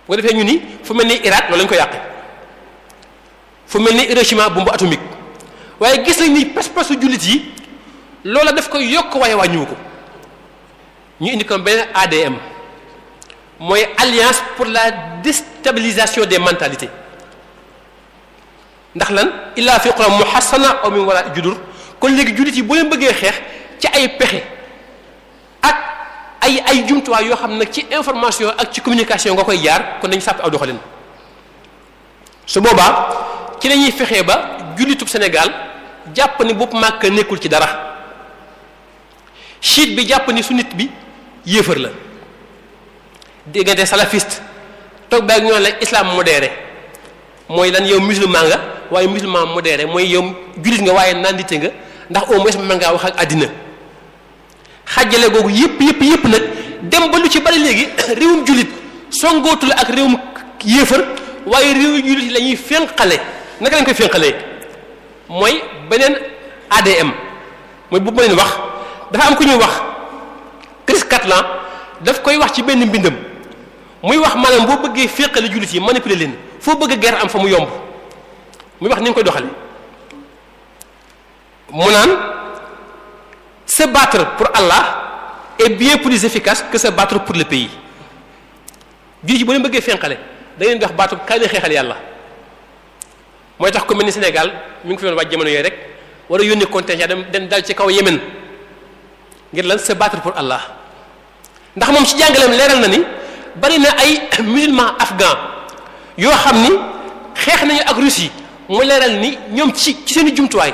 Speaker 3: ko defee ñu ni fu mel ni Irak loolu lañ ko yàq fu mel ni Hiroshima bombe atomique waaye gis nañ ni pas-pasu jullit yi loola daf koy yokk waaye wàññiwu ko ñu indi ko beneen ADM. mooy alliance pour la déstabilisation des mentalités ndax lan illaa fi qura muhassana aw min wala judur kon léegi jullit yi boo leen bëggee xeex ci ay pexe ak ay ay jumtuwaay yoo xam nag ci information ak ci communication nga koy jaar kon dañu sàpp aw doxalin su boobaa ci lañuy fexee ba jullitub Sénégal jàpp ni bopp màkk nekkul ci dara chiite bi jàpp ni su nit bi yéefar la diggante salafiste toog ba ak ñoo la islam modéré mooy lan yow musulman nga waaye musulman modéré mooy yow jullit nga waaye nandite nga ndax au moins mën ngaa wax ak àddina xajjale googu yëpp yëpp yëpp nag dem ba lu ci bari léegi <coughs> réewum jullit songootul ak réewum yéefar waaye réewu jullit lañuy ñuy fénqale naka lañ koy fénqalee mooy beneen ADM mooy bu ma wax dafa am ku ñu wax Chris Catlan daf koy wax ci benn mbindam muy wax maanaam boo bëggee féqale jullit yi manipuler leen foo bëgg a am fa mu yomb muy wax ni nga koy doxale mu naan se battre pour Allah est bien plus efficace que se battre pour le pays jullit yi boo leen bëggee fenqale da ngeen di wax battre leen xeexal yàlla mooy tax commune Sénégal mu ngi fi doon waaj jamono yooyu rek war a yónni contingent dem dem dal ci kaw Yémen ngir lan se battre pour Allah
Speaker 4: ndax moom ci jàngaleem leeral na ni.
Speaker 3: bari na ay <clears throat> musulman afghan yoo xam ni xeex nañu ak Russie mu leeral ni ñoom ci ci seen i jumtuwaay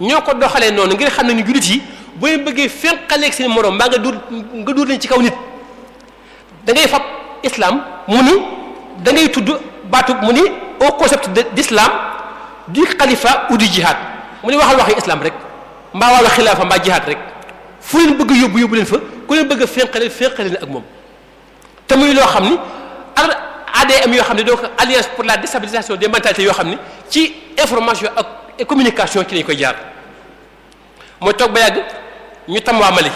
Speaker 3: ñoo ko doxalee noonu ngir xam nañu jullit yi boo ñu bëggee fenqaleeg seen moroom mbaa nga duur nga duur leen ci kaw nit da ngay fab islam mu ni da tudd baatu mu ni au concept d'islam du xalifa ou du jihad mu ni waxal waxi islam rek mbaa wàllu xilaafa mbaa jihad rek fu leen bëgg yóbbu yóbbu leen fa ku leen bëgg a fenqale fenqale leen ak moom te muy loo xam ni ar ADM yoo xam ne donc alliance pour la déstabilisation des mentalités yoo xam ne ci information ak communication ci lañ koy jaar mooy toog ba yàgg ñu tam waa Mali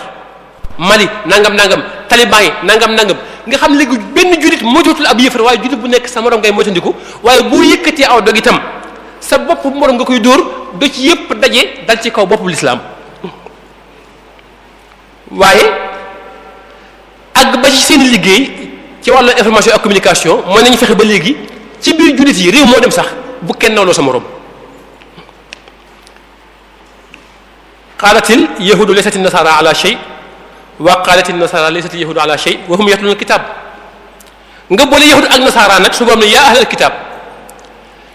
Speaker 3: Mali nangam nangam taliban yi nangam nangam nga xam léegi benn jullit moytuwatul ab yëfar waaye jullit bu nekk sa morom ngay moytandiku waaye boo yëkkatee aw dog itam sa bopp morom nga koy dóor do ci yëpp daje dal ci kaw boppu lislaam waaye àgg ba ci seen liggéey. ci wàllu information ak communication mooy nañu fexe ba léegi ci biir jullit yi réew moo dem sax bu kenn nawloo sa morom qaalatil yahudu laysati nasara ala shay wa qaalatil nasara laysati yahudu ala shay wa hum yatluna alkitab nga boole yahud ak nasara nag su boom ne yaa ahlal kitab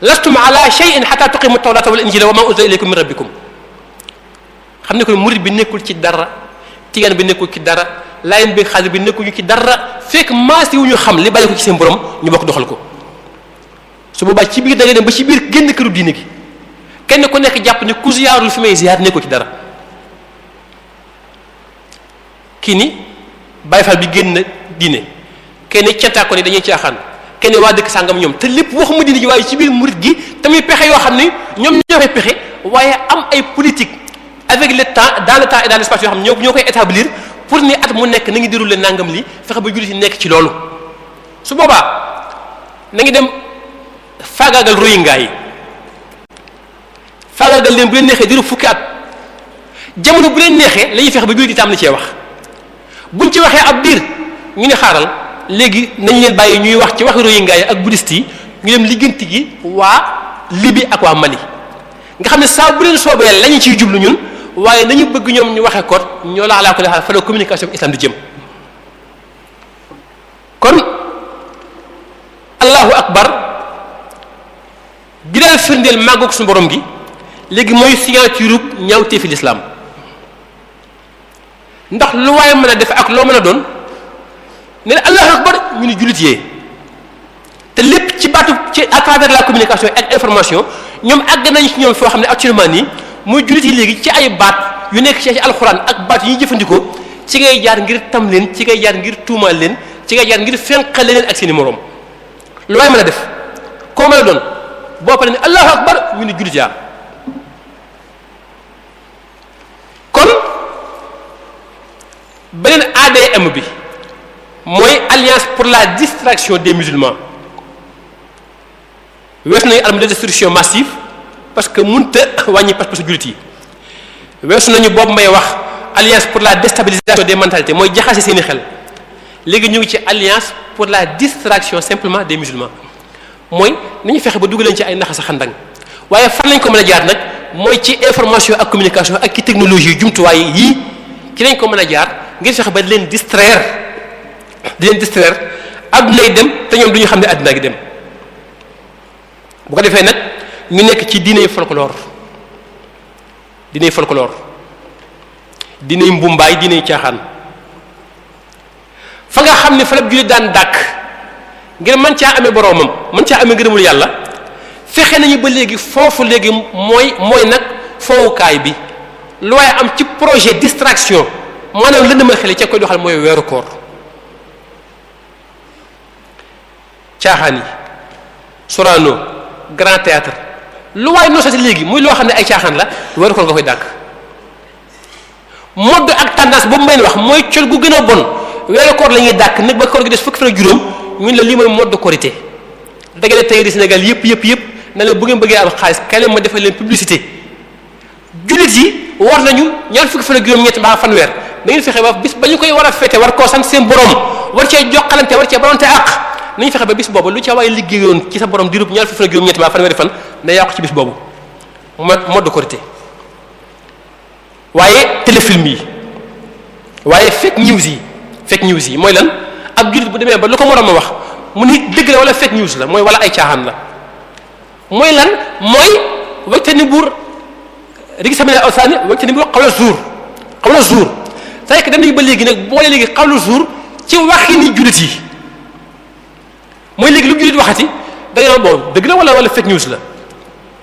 Speaker 3: lastum ala shay'in hatta tuqimu tawrata wal injila wa ma unzila ilaykum min rabbikum xam ne kon murid bi nekkul ci dara tigaan bi nekkul ci dara layin bi xaadir bi nekkuñu ci dara fekk maas wu ñu xam li bale ko ci seen borom ñu bokk doxal ko su boobaa ci biir da dem ba ci biir génn këru diine gi kenn ku nekk jàpp ne ku ziyaarul fi may ziyaar nekkoo ci dara kii ni Baay Faal bi génn diine kenn caataa ko ne dañuy caaxaan kenn waa dëkk sàngam ñoom te lépp waxuma diine ji waaye ci biir murit gi tamit pexe yoo xam ne ñoom ñoo koy pexe waaye am ay politique avec le temps dans le temps et yoo xam ne ñoo ñoo koy pour ni at mu nekk na ngi déroulé nangam li fexe ba jullit yi nekk ci loolu su boobaa na ngi dem faagaagal royingaa yi faagaagal leen bu leen neexee diiru fukki at jamono bu leen neexee lañuy fexe ba jullit yi tam na cee wax buñ ci waxee ab diir ñu ne xaaral léegi nañ leen bàyyi ñuy wax ci waxi royingaa yi ak bouddhiste yi ñu dem ligganti gi waa libi ak waa Mali nga xam ne saa bu leen soobee lañu ciy jublu ñun waaye nañu bëgg ñoom ñu waxee kot ñoo la alaaka la fa la communication islam di jëm kon allahu akbar gi daan firndeel màggoog suñu borom gi léegi mooy signature ñaaw teefi lislaam ndax lu waaye mën a def ak loo mën a doon ne na allahu akbar ñu ni jullit yee te lépp ci baatu ci à travers la communication ak information ñoom àgg nañ ci ñoom foo xam ne actuellement nii muy jullit yi léegi ci ay baat yu nekk ci alxuraan ak baat yu ñuy jëfandikoo ci ngay jaar ngir tam leen ci ngay jaar ngir tuumaal leen ci ngay jaar ngir fenqal leen ak seeni i morom lu waay mën a def koo mën a doon boo paree ne allahu akbar ñu ne jullit yaa kon beneen ADM bi mooy alliance pour la distraction des musulmans weesu nañu arme de destruction parce que munta wàññi pas-pasu jullit weesu nañu boobu may wax alliance pour la déstabilisation de mentalités mooy jaxase seeni xel léegi ñu ngi ci alliance pour la distraction simplement des musulmans mooy nañu fexe ba dugg leen ci ay naxa sa xandang waaye fan lañ ko mën a jaar nag mooy ci information ak communication ak ci technologie jumtuwaay yii ki lañ ko mën a jaar ngir fexe ba di leen distraire di leen distraire adduna yi dem te ñoom du ñu xam ne àddina gi dem ko defee nag mi nekk ci diiney folklore diiney folklore diiney mbumbaay diiney caaxaan fa nga xam ne fa la jullit daan dàkk ngir mën caa ame boroomam mën caa amee ngërëmul yàlla fexe nañu ba léegi foofu léegi mooy mooy nag foowukaay bi lu waaye am ci projet distraction maanaam lëndëmal xel yi ca koy doxal mooy weeru koor caaxaan yi Sorano Grand Théâtre lu waay nosati léegi muy loo xam ne ay caaxaan la waru ko nga koy dàkk modd ak tendance boobu may wax mooy col gu gën a bon weeru koor la ñuy dàkk nag ba koor gi des fukki fan juróom ñun la lii mooy modd korité dagale tey di yëpp yëpp yëpp na leen bu ngeen bëggee am xaalis kay ma defal leen publicité jullit yi war nañu ñaar fukki fan ak juróom-ñett mbaa fanweer da ngeen fexe ba bis ba ñu koy war a fete war koo sant seen borom war cee jokkalante war cee balante àq nañu fexe ba bis boobu lu ca waaye liggéeyoon ci sa borom diirub ñaar fukki fan ak juróom-ñetti ba fanweeri fan na yàqu ci bis boobu mode korité waaye téléfilm yi waaye fake news yi fake news yi mooy lan ab jullit bu demee ba lu ko moroom a wax mu ni dëgg la wala fake news la mooy wala ay caaxaan la mooy lan mooy wajte ni buur rigi sami ne awsaani wajte ni buur xawla zuur xawla zuur c'est que dem nañu ba léegi nag boole léegi xawlu zuur ci waxi mooy léegi lu jullit waxati da nga naan bon dëgg la wala wala fake news la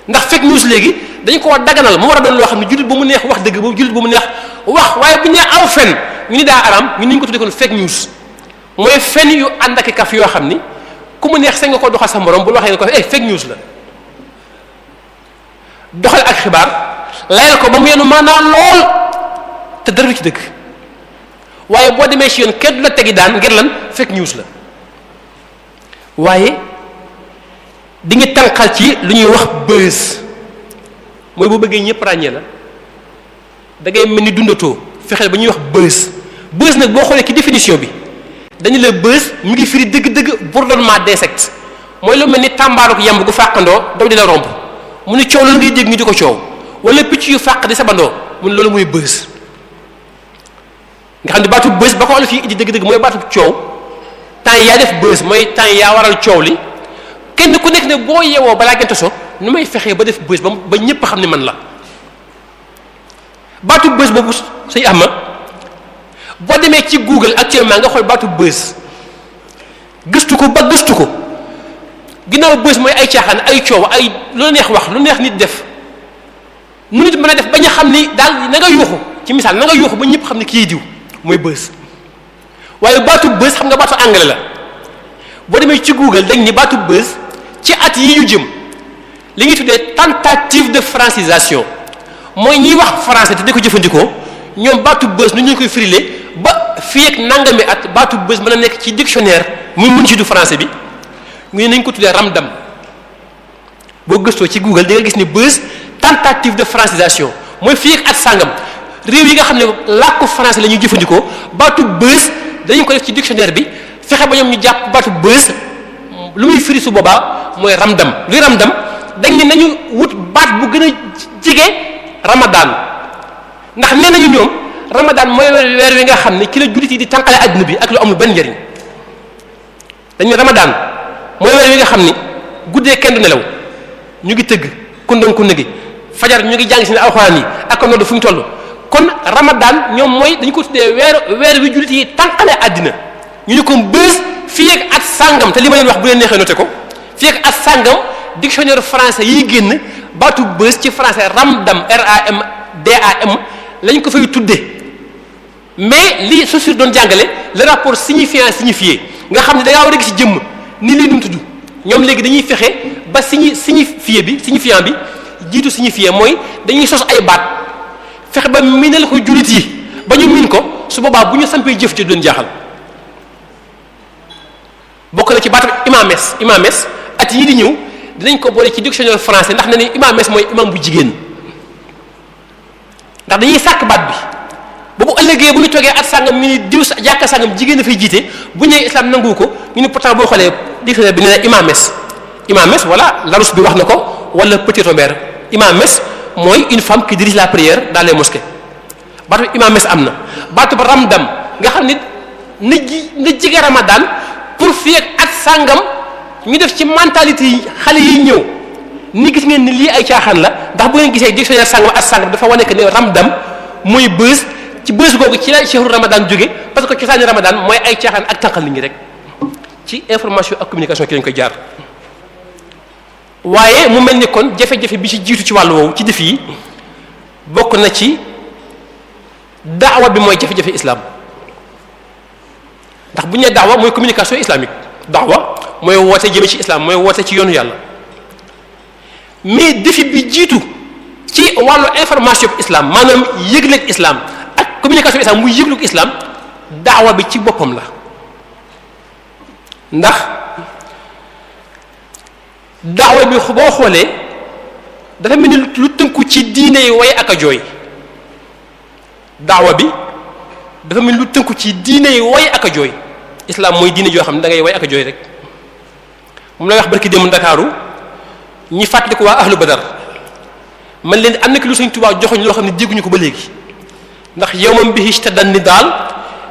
Speaker 3: ndax fake news léegi dañ koo daganal mu war a doon loo xam ne jullit bu mu neex wax dëgg boobu jullit bu mu neex wax waaye bu ñu nee aw fen ñu ni daa araam ñu ni ñu ko tuddee kon fake news mooy fen yu ànd ak kaf yoo xam ni ku mu neex sañ nga koo doxal sa morom bul waxee nga ko eh fake news la doxal ak xibaar layal ko ba mu yenu maanaam lool te dara ci dëgg waaye boo demee ci yoon kenn la tegi daan ngir lan fake la waaye di nga tànqal ci lu ñuy wax bës mooy bu bëggee ñëpp ràññee la da mel ni dundatoo fexeel ba ñuy wax bës bës nag boo xoolee ci définition bi dañu la bës mu ngi firi dëgg-dëgg bourdonnement d'insectes mooy lu mel ni tàmbaaluk yamb gu fàqandoo daw di la romb mu ni coow loolu ngay dégg ñu di ko coow wala picc yu fàq di sabandoo mu ne loolu mooy bës nga xam ne baatu bës ba ko olof yi indi dëgg-dëgg mooy baatu coow. temps yaa def bës mooy temps yaa waral coow li kenn ku nekk ne boo yewoo balaa gënte so nu may fexee ba def bës ba ba ñëpp xam ne man la baatu bës boobu sëñ Ahma boo demee ci Google actuellement nga xool baatu bës gëstu ko ba gëstu ko ginnaaw bës mooy ay caaxaan ay coow ay lu neex wax lu neex nit def nu nit mën a def ba ñu xam ni daal na nga yuuxu ci misaal na nga yuuxu ba ñëpp xam ne kii diw mooy bës. waaye baatu bës xam nga baatu anglais la boo demee ci google dañ ni baatu bës ci at yi ñu jëm li ngi tuddee tentative de francisation mooy ñiy wax français te di ko jëfandikoo ñoom baatu bës nu ñu koy frile ba fii ak nangami at baatu bës mën a nekk ci dictionnaire mu mun ci du français bi ñu nañ ko tuddee ramdam boo gëstoo ci google di gis ni bës tentative de francisation mooy fii ak at sàngam réew yi nga xam ne làkku français la ñuy jëfandikoo baatu bës dañu ko def ci dictionnaire bi fexe ba ñoom ñu jàpp baatu bës lu muy firi su boobaa mooy ramdam luy ramdam dañ ne nañu wut baat bu gën a jige ramadaan ndax nee nañu ñoom ramadaan mooy weer wi nga xam ne ki la jullit yi di tànqale àdduna bi ak lu amul benn njëriñ dañ ne ramadaan mooy weer wi nga xam ni guddee kenn du nelaw ñu ngi tëgg kundan kunde gi fajar ñu ngi jàng si ne alxuraan yi ak nodd fu ñu toll kon Ramadan ñoom mooy dañu ko tuddee weer weer wi jullit yi tànqale àddina ñu ne ko bés fii ak at sàngam te li ma leen wax bu leen neexee te ko fii ak at sàngam dictionnaire français yi génn baatu bés ci français ramdam R A M D A lañ ko fay tuddee mais li Saussure doon jàngale le rapport signifiant signifié nga xam ne da war a gis jëmm ni lii nu mu ñoom léegi dañuy fexe ba signi signifié bi signifiant bi jiitu signifié mooy dañuy sos ay baat. fexe ba minal ko jullit yi ba ñu min ko su boobaa bu ñu sampee jëf ji doon jaaxal bokk na ci baatam imames imames at yii di ñëw dinañ ko boole ci dictionnaire français ndax na ni imames mooy imam bu jigéen ndax dañuy sàkk baat bi bu bu ëllëgee bu ñu toogee at sàngam ñu ni diw jàkka sàngam jigéen dafay jiite bu ñu nee islam ko ñu ni pourtant boo xoolee dictionnaire bi nee na imames imames voilà Larousse bi wax na ko wala Petit Robert imames mooy une femme qui dirige la prière daal les mosquées baatu imam mes am na baatu ba ramdam nga xam nit na ji na jige ramadan pour fii ak at sàngam ñu def ci mentalité yi xale yi ñëw ni gis ngeen ni lii ay caaxaan la ndax bu ngeen gisee dictionnaire sàngam at sàngam dafa wane que ne ramdam mooy bës ci bës googu ci la chehru ramadan jóge parce que cosaani ramadan mooy ay caaxaan ak tànqal nit ñi rek ci information ak communication ki lañ koy jaar waaye mu mel ni kon jafe-jafe bi ci jiitu ci wàllu woowu ci def yi bokk na ci daawa bi mooy jafe-jafe islam ndax bu ñu nee daawa mooy communication islamique daawa mooy woote jëme ci islam mooy woote ci yoonu yàlla mais défi bi jiitu ci wàllu information islaam islam maanaam yëgleeg islam ak communication islam muy yëglu islam daawa bi ci boppam la ndax daawa bi boo xoolee dafa mel ni lu tënku ci diine yi way ak jooy daawa bi dafa mel ni lu tënku ci diine yi way ak a jooy islam mooy diine joo xam ne da ngay way aka jooy rek moom lay wax barki démb ndakaaru ñi fàttaliku waa ahlu badar man leen am na ki lu suñ tubaab joxoñ loo xam ne dégguñu ko ba léegi ndax yawman bihi ishtadda nidaal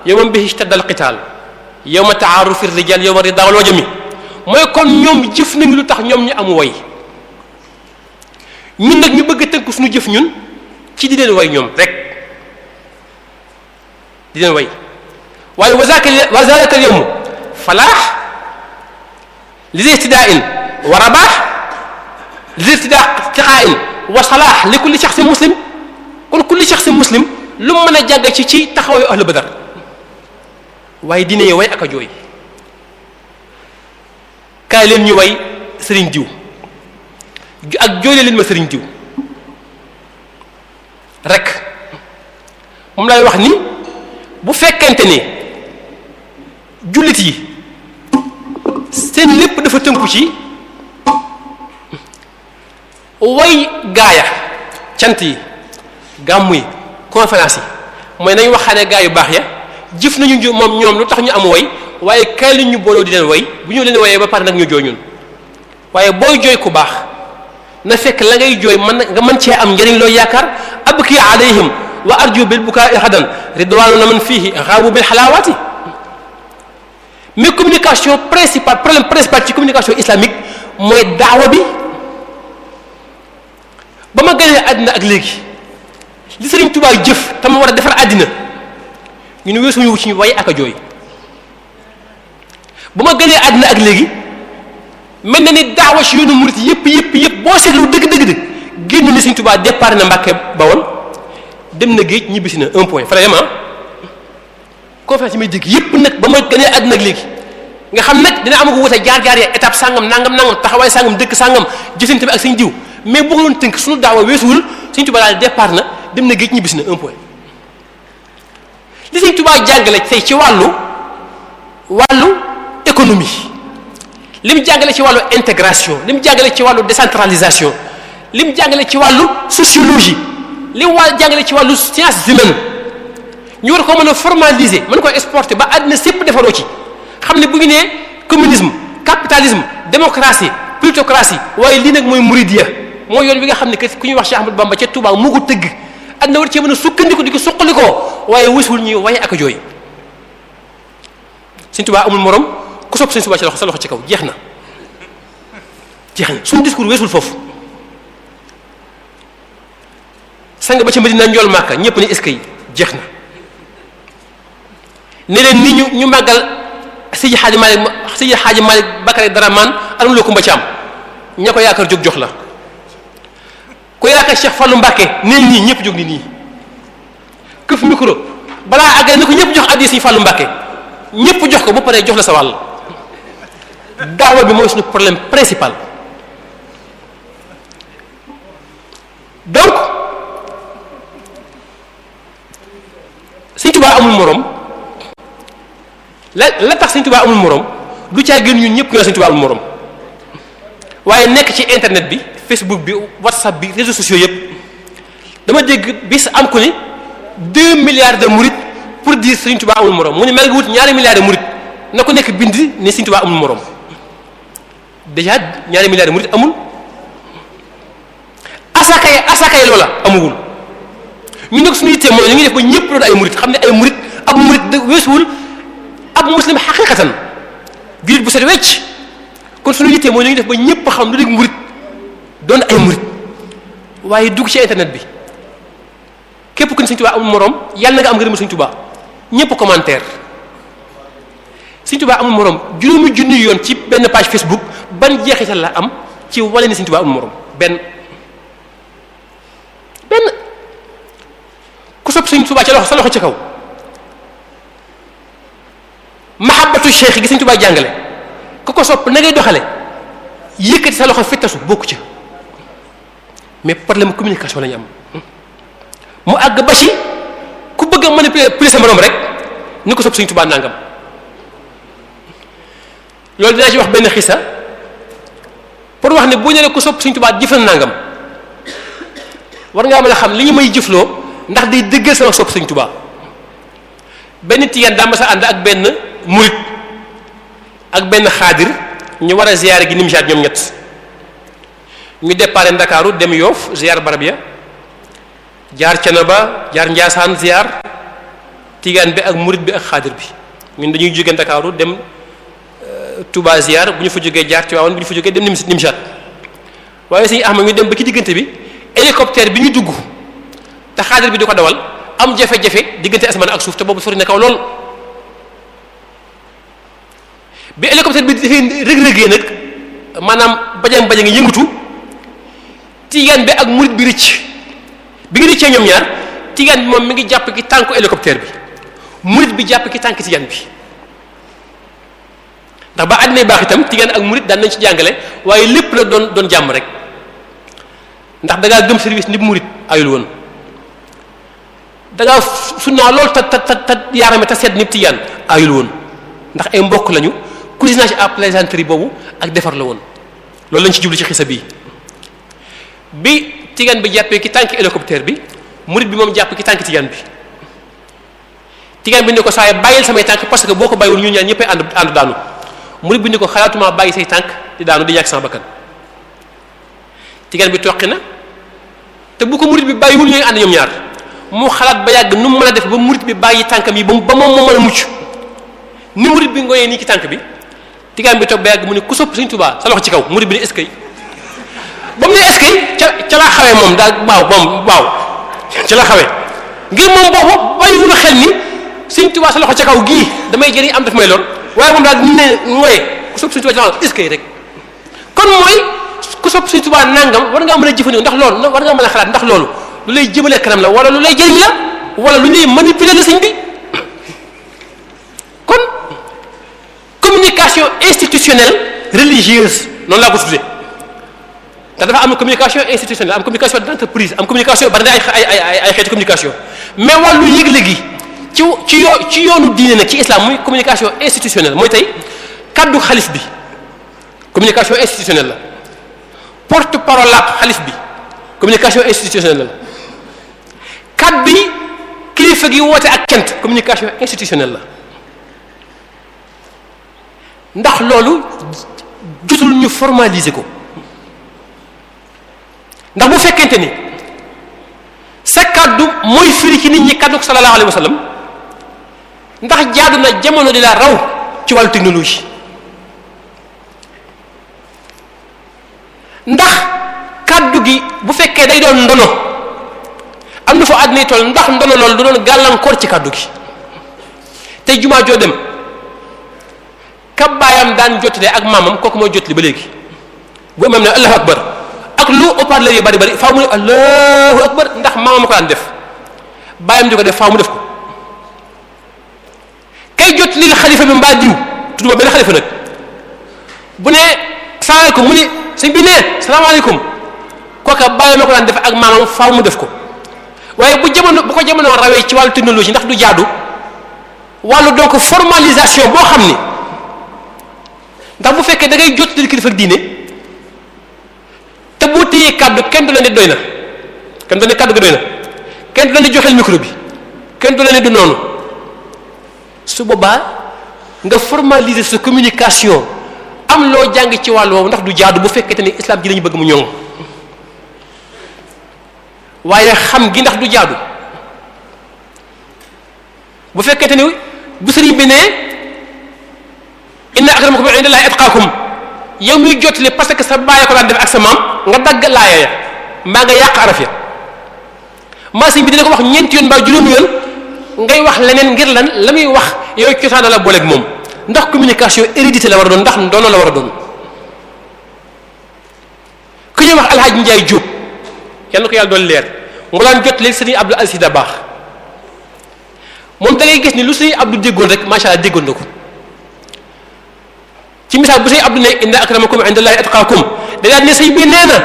Speaker 3: yawman bihi ishtadda alqitaal yawma ta'arufi yow yawma ridaal wajami mooy kon ñoom jëf nañu lu tax ñoom ñu am woy ñun nag ñu bëgg a tënk suñu jëf ñun ci di leen way ñoom rekk di leen way waaye wazalika alyawma falaax li istidaain wa rabaax li istiqaain wa salaax li kulli shaxsin muslim kon kulli shaxsin muslim lu mu mën a jàgg ci ci taxawaayu ahlu badar waaye dina way ak a jooy kaay leen ñu way sëriñ diw ak joolee leen ma sëriñ diw rek moom lay wax ni bu fekkente ni jullit yi seen lépp dafa tënku ci way gaaya cant yi gàmmu yi conférence yi mooy nañ waxaane gaa yu baax ya jëf nañu moom ñoom lu tax ñu am woy waaye kay li ñu booloo di leen woy bu ñu leen woyee ba pare nag ñu jooy ñun waaye booy jooy ku baax na fekk la ngay jooy man nga man cee am njëriñ looy yaakaar abki alayhim wa arju bil bukaai hadan ridwaanu na man fiihi xaabu bil xalaawaati mais communication principale problème principal ci communication islamique mooy daawa bi ba ma gënee àddina ak léegi li Sëriñ tubaab jëf te ma war a defar àddina ñu weesu weesuñu wu ci way ak a jooy bu ma gënee àddina ak léegi mel na ni daawa si yoonu murit yëpp yëpp yëpp boo seetlu dëgg dëgg dëgg génn ni Sëriñ Tuubaa départ na Mbàkke dem na géej ñibbisi na un vraiment ah, conférence yi yëpp nag ba ma gënee àddina ak léegi nga xam nag dina am ko wute jaar-jaar ya étape sàngam nangam nangam taxawaay sàngam dëkk sàngam jëfante bi ak sëñ diw mais boo ko doon tënk suñu daawa weesuwul Sëriñ Tuubaa daal départ na dem na géej ñibbisi na un point li sëñ Tuubaa jàngale tey ci wàllu wàllu économie li mu jàngale ci wàllu integration li mu jàngale ci wàllu décentralisation li mu jàngale ci wàllu sociologie li mu waa jàngale ci wàllu sciences humaines ñu war ko mën a formaliser mën ko exporter ba àddina sépp defaroo ci xam ni bu ñu nee communisme capitalisme démocratie plutocratie waaye lii nag mooy muridiya mooy yoon bi nga xam ne que ku ñuy wax Cheikh Ahmadou Bamba ca Touba moo ko tëgg àdduna war cee mën a sukkandiku di ko suqalikoo waaye wësul ñuy waye ak jooy Sëñ Tuubaa amul moroom ku sopp Sëñ Tuubaa ci loxo sa loxo ci kaw jeex na jeex na suñu discours weesul foofu sang ba ca Medina njool màkka ñëpp ni eskay jeex na ne leen ni ñu ñu màggal xaaj Xaaji Maalik Seydi Xaaji Maalik Bakare Daramaan alam loo kumba ci am ña ko yaakaar jóg jox la ku yaakaar Cheikh Fallou Mbacké neel nii ñëpp jóg ni nii këf micro balaa àggale ni ko ñëpp jox addi si Fallou Mbacké ñëpp jox ko bu paree jox la sa wàll daawa bi mooy suñu problème principal donc Sëñ Tuubaa amul moroom la la tax Sëñ Tuubaa amul moroom lu caa gën ñun ñëpp ñoo Sëñ Tuubaa amul morom waaye nekk ci internet bi. facebook bi whatsapp bi réseaux sociaux yëpp dama dégg bis am ku ni deux milliards de murit pour dire Serigne Touba amul morom mu ne maa ngi wut ñaari milliards murit na ko nekk bind ni Serigne Touba amul morom déjà ñaari milliards de murit amul asaka yi asaka yi loola amuwul ñu nekk suñu yittee mooy ñu ngi def ba ñëpp loolu ay murit xam ne ay murit ab murit da weesuwul ab muslim xaqiqatan jullit bu set wecc kon suñu yittee mooy ñu ngi def ba ñëpp xam lu dégg murit doon ay murit waaye dugg ci internet bi képp ku ne Sëñ Tuubaa amul moroom yàlla na nga am ngërëmu Sëñ Tuubaa ñëpp commentaire Sëñ Tuubaa am moroom juróomi junni yoon ci benn page Facebook ban jeexital la am ci wala ni Sëñ Tuubaa amul benn benn ku sopp Sëñ Tuubaa ca loxo sa loxo ca kaw mahabbatu cheikh gi Sëñ Tuubaa jàngale ku ko sopp na ngay doxale yëkkati sa loxo fettasu bokku ca mais problème communication la am mu àgg ba si ku bëgg a manipuler sama morom rek ni ko sopp Sëriñ Tuubaa nangam loolu dinaa ci wax benn xisa pour wax ne bu ñu ko ku sopp Sëriñ Tuubaa jëfal nangam war ngaa mën a xam li ñu may jëfloo ndax di dëggal sama sopp Sëriñ Tuubaa benn tiyaan daa ma sa ànd ak benn murit ak benn xaadir ñu war a ziyaare gi Nimjaat ñoom ñett ñu déparé ndakaaru dem yoof ziar barab ya jaar Canaba jaar njaasaan ziar tigaan bi ak murit bi ak xaadir bi ñun dañuy jóge ndakaaru dem euh, Touba ziar bu ñu fa jógee jaar Tiwaawan bu ñu fa jógee dem Nimsi Nimsaat waaye sëñ Ahmad ñu dem ba ci diggante bi hélicoptère bi ñu dugg te xaadir bi di ko dawal am jafe-jafe diggante asmaan ak suuf te boobu sori na kaw lool bi hélicoptère bi dafay rëg-rëgee nag maanaam bajang bajang yëngatu tijaan bi ak murit bi rëcc bi ngi rëccee ñoom ñaar tijaan bi moom mi ngi jàpp ki tànk hélicoptère bi murit bi jàpp ki tànk tijaan bi ndax ba àddina baax itam tijaan ak murit daan nañ ci jàngale waaye lépp la doon doon jàmm rek ndax da ngaa service ni murit ayul woon da ngaa sunnaa loolu ta ta ta ta yaarame ta seet ni tijaan ayul woon ndax ay mbokk lañu cousinage à plaisanterie boobu ak defar la woon loolu lañ ci jublu ci xisa bii bi tigan bi jàppee ki tànk hélicoptère bi murid bi moom jàpp ki tànk tigan bi tigan bi ne ko saay bàyyil samay tànk parce que boo ko bàyyiwul ñu ñaan ñëppay ànd ànd daanu murid bi ne ko xalaatuma bàyyi say tànk di daanu di ñàkk sama bakkan bi toqi na te bu ko murid bi bàyyiwul ñooy ànd ñoom ñaar mu xalaat ba yàgg nu mu mën a def ba murid bi bàyyi tànkam yi ba ba moom man a mucc ni murid bi ngoyee nii ki tànk bi tigan bi toog ba yàgg mu ne ku sopp Sëriñ Tuubaa sa loxo ci kaw murid bi ne est ba mu ne est ca ca laa xawee moom daal baaw moom baaw ca la xawee ngir moom boobu bàyyi lu xel ni Sëriñ Tuubaa sa loxo ca kaw gii damay jër jëriñ am daf may lool waaye moom daal ne mooy ku sopp Sëriñ Tuubaa ca est-ce rek kon mooy ku sopp Sëriñ Tuubaa nangam war ngaa mën a jëfandikoo ndax loolu war ngaa mën a xalaat ndax loolu lu lay jëmale kanam la wala lu lay jëriñ la wala lu lay manipuler sañ sëñ bi <coughs> kon communication institutionnelle religieuse noonu laa te dafa am communication institutionnelle am communication d'entreprise am communication bari na ay ay ay ay xeeti communication mais wàllu yëgle gi ci ci ci yoonu diine nag ci islam muy communication institutionnelle mooy tey kaddu xalif bi communication institutionnelle la porte parole la bi communication institutionnelle la kilifa gi woote ak cant communication institutionnelle la ndax loolu jotul ñu formaliser ko. ndax bu fekkente ni sa kaddu mooy firi ci nit ñi kaddu ko sallallahu alayhi wa sallam ndax jaadu na jamono di la raw ci wàllu technologie ndax kàddu gi bu fekkee day doon ndono am na fa àddina toll ndax ndono lool du doon gàllankoor ci kaddu gi te jumaa joo dem ka baayam daan jottale ak maamam kooku mooy jottali ba léegi bu imam ne allahu akbar ak lu haut-parleur yi bari bari faaw mu ne allahu akbar ndax maama ma ko daan def bàyyam di ko def faaw mu def ko kay jot li xalifa bi mbaa diw tudduma benn xalifa nag bu ne salaamaaleykum mu ne sëñ bi ne salaamaaleykum kooka bàyyi ma ko daan def ak maamam faaw mu def ko waaye bu jamono bu ko jamono rawee ci wàllu technologie ndax du jaadu wàllu donc formalisation boo xam ni ndax bu fekkee da ngay jot li kilifa diine te boo téyee kàddu kenn du la ne doy na kenn du la ne kàddu gi doy na kenn du la ne joxel micro bi kenn du la ne du noonu su boobaa nga formaliser sa communication am loo jàng ci wàll woowu ndax du jaadu bu fekkee te ne islam ji la ñu bëgg mu ñoŋ waaye xam gi ndax du jaadu bu fekkee te ni bu sëriñ bi ne inna akramakum indallahi atqaakum yow mi jottali parce que sa bàyyi ko daan def ak sa maam nga dagg laaya ya mbaa nga yàq araf ya maa bi dina ko wax ñeenti yoon mbaa juróomi yoon ngay wax leneen ngir lan la muy wax yow cosaan la booleeg moom ndax communication hérédité la war a doon ndax doonoo la war a doon ku ñuy wax alxaaji Njaay Jóob yàlla na ko yàlla doon leer mu daan jot léegi sëriñ Abdou Aziz Dabaax moom da ngay gis ni lu ab Abdou déggoon rek macha allah déggoon na ko ci misaal bu say abdu ne inna akramakum indallahi atqaakum da daal ne say bi nee na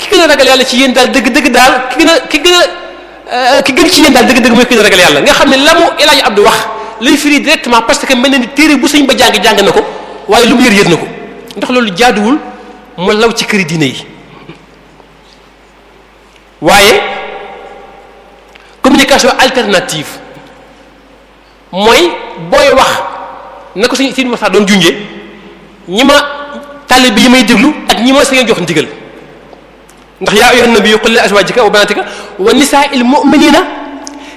Speaker 3: ki gën a ragal yàlla ci yéen daal dëgg-dëgg daal ki gën a ki gën a euh, ki gën ci yéen daal dëgg-dëgg mooy ki gën a ragal yàlla nga xam ne la mu El Hadj wax lay firi directement parce que mel na ni téere bu sëñ ba jàng jàng na ko waaye lu mu yër yër na ko ndax loolu jaaduwul mu law ci këri diine yi waaye communication alternative mooy booy wax na ko suñu si waxtaan doon junjee. ñi ma tali bi yi may déglu ak ñi ma sañ jox ndigal ndax yaa ayyuhan nabiyyu qul li azwaajika wa banaatika wa nisaa'il mu'miniina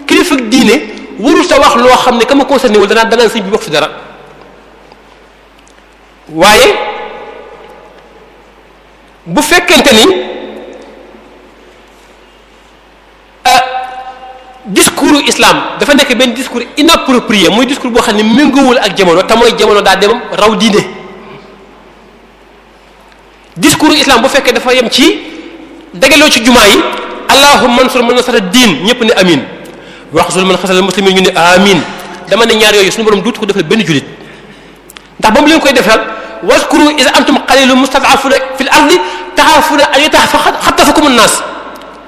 Speaker 3: kilifa diine warul sa wax loo xam ne ka ma concerné danaa danaan sëñ bi wax si dara waaye bu fekkente ni euh, discours islam dafa nekk benn discours inapproprié muy discours boo xam ne méngoowul ak jamono te mooy jamono daa dem raw diine. discours islam bu fekkee dafa yem ci dagaloo ci jumaa yi allahumma ansur man nasara diin ñëpp amiin wax waxsul man xasal muslimin ñu ni amin dama ne ñaar yooyu suñu borom duutu ko defal benn julit ndax ba mu leen koy defal waskuru is antum qalilun mustad'afuna fil ardi taxaafuna an yataxattafakum an-nas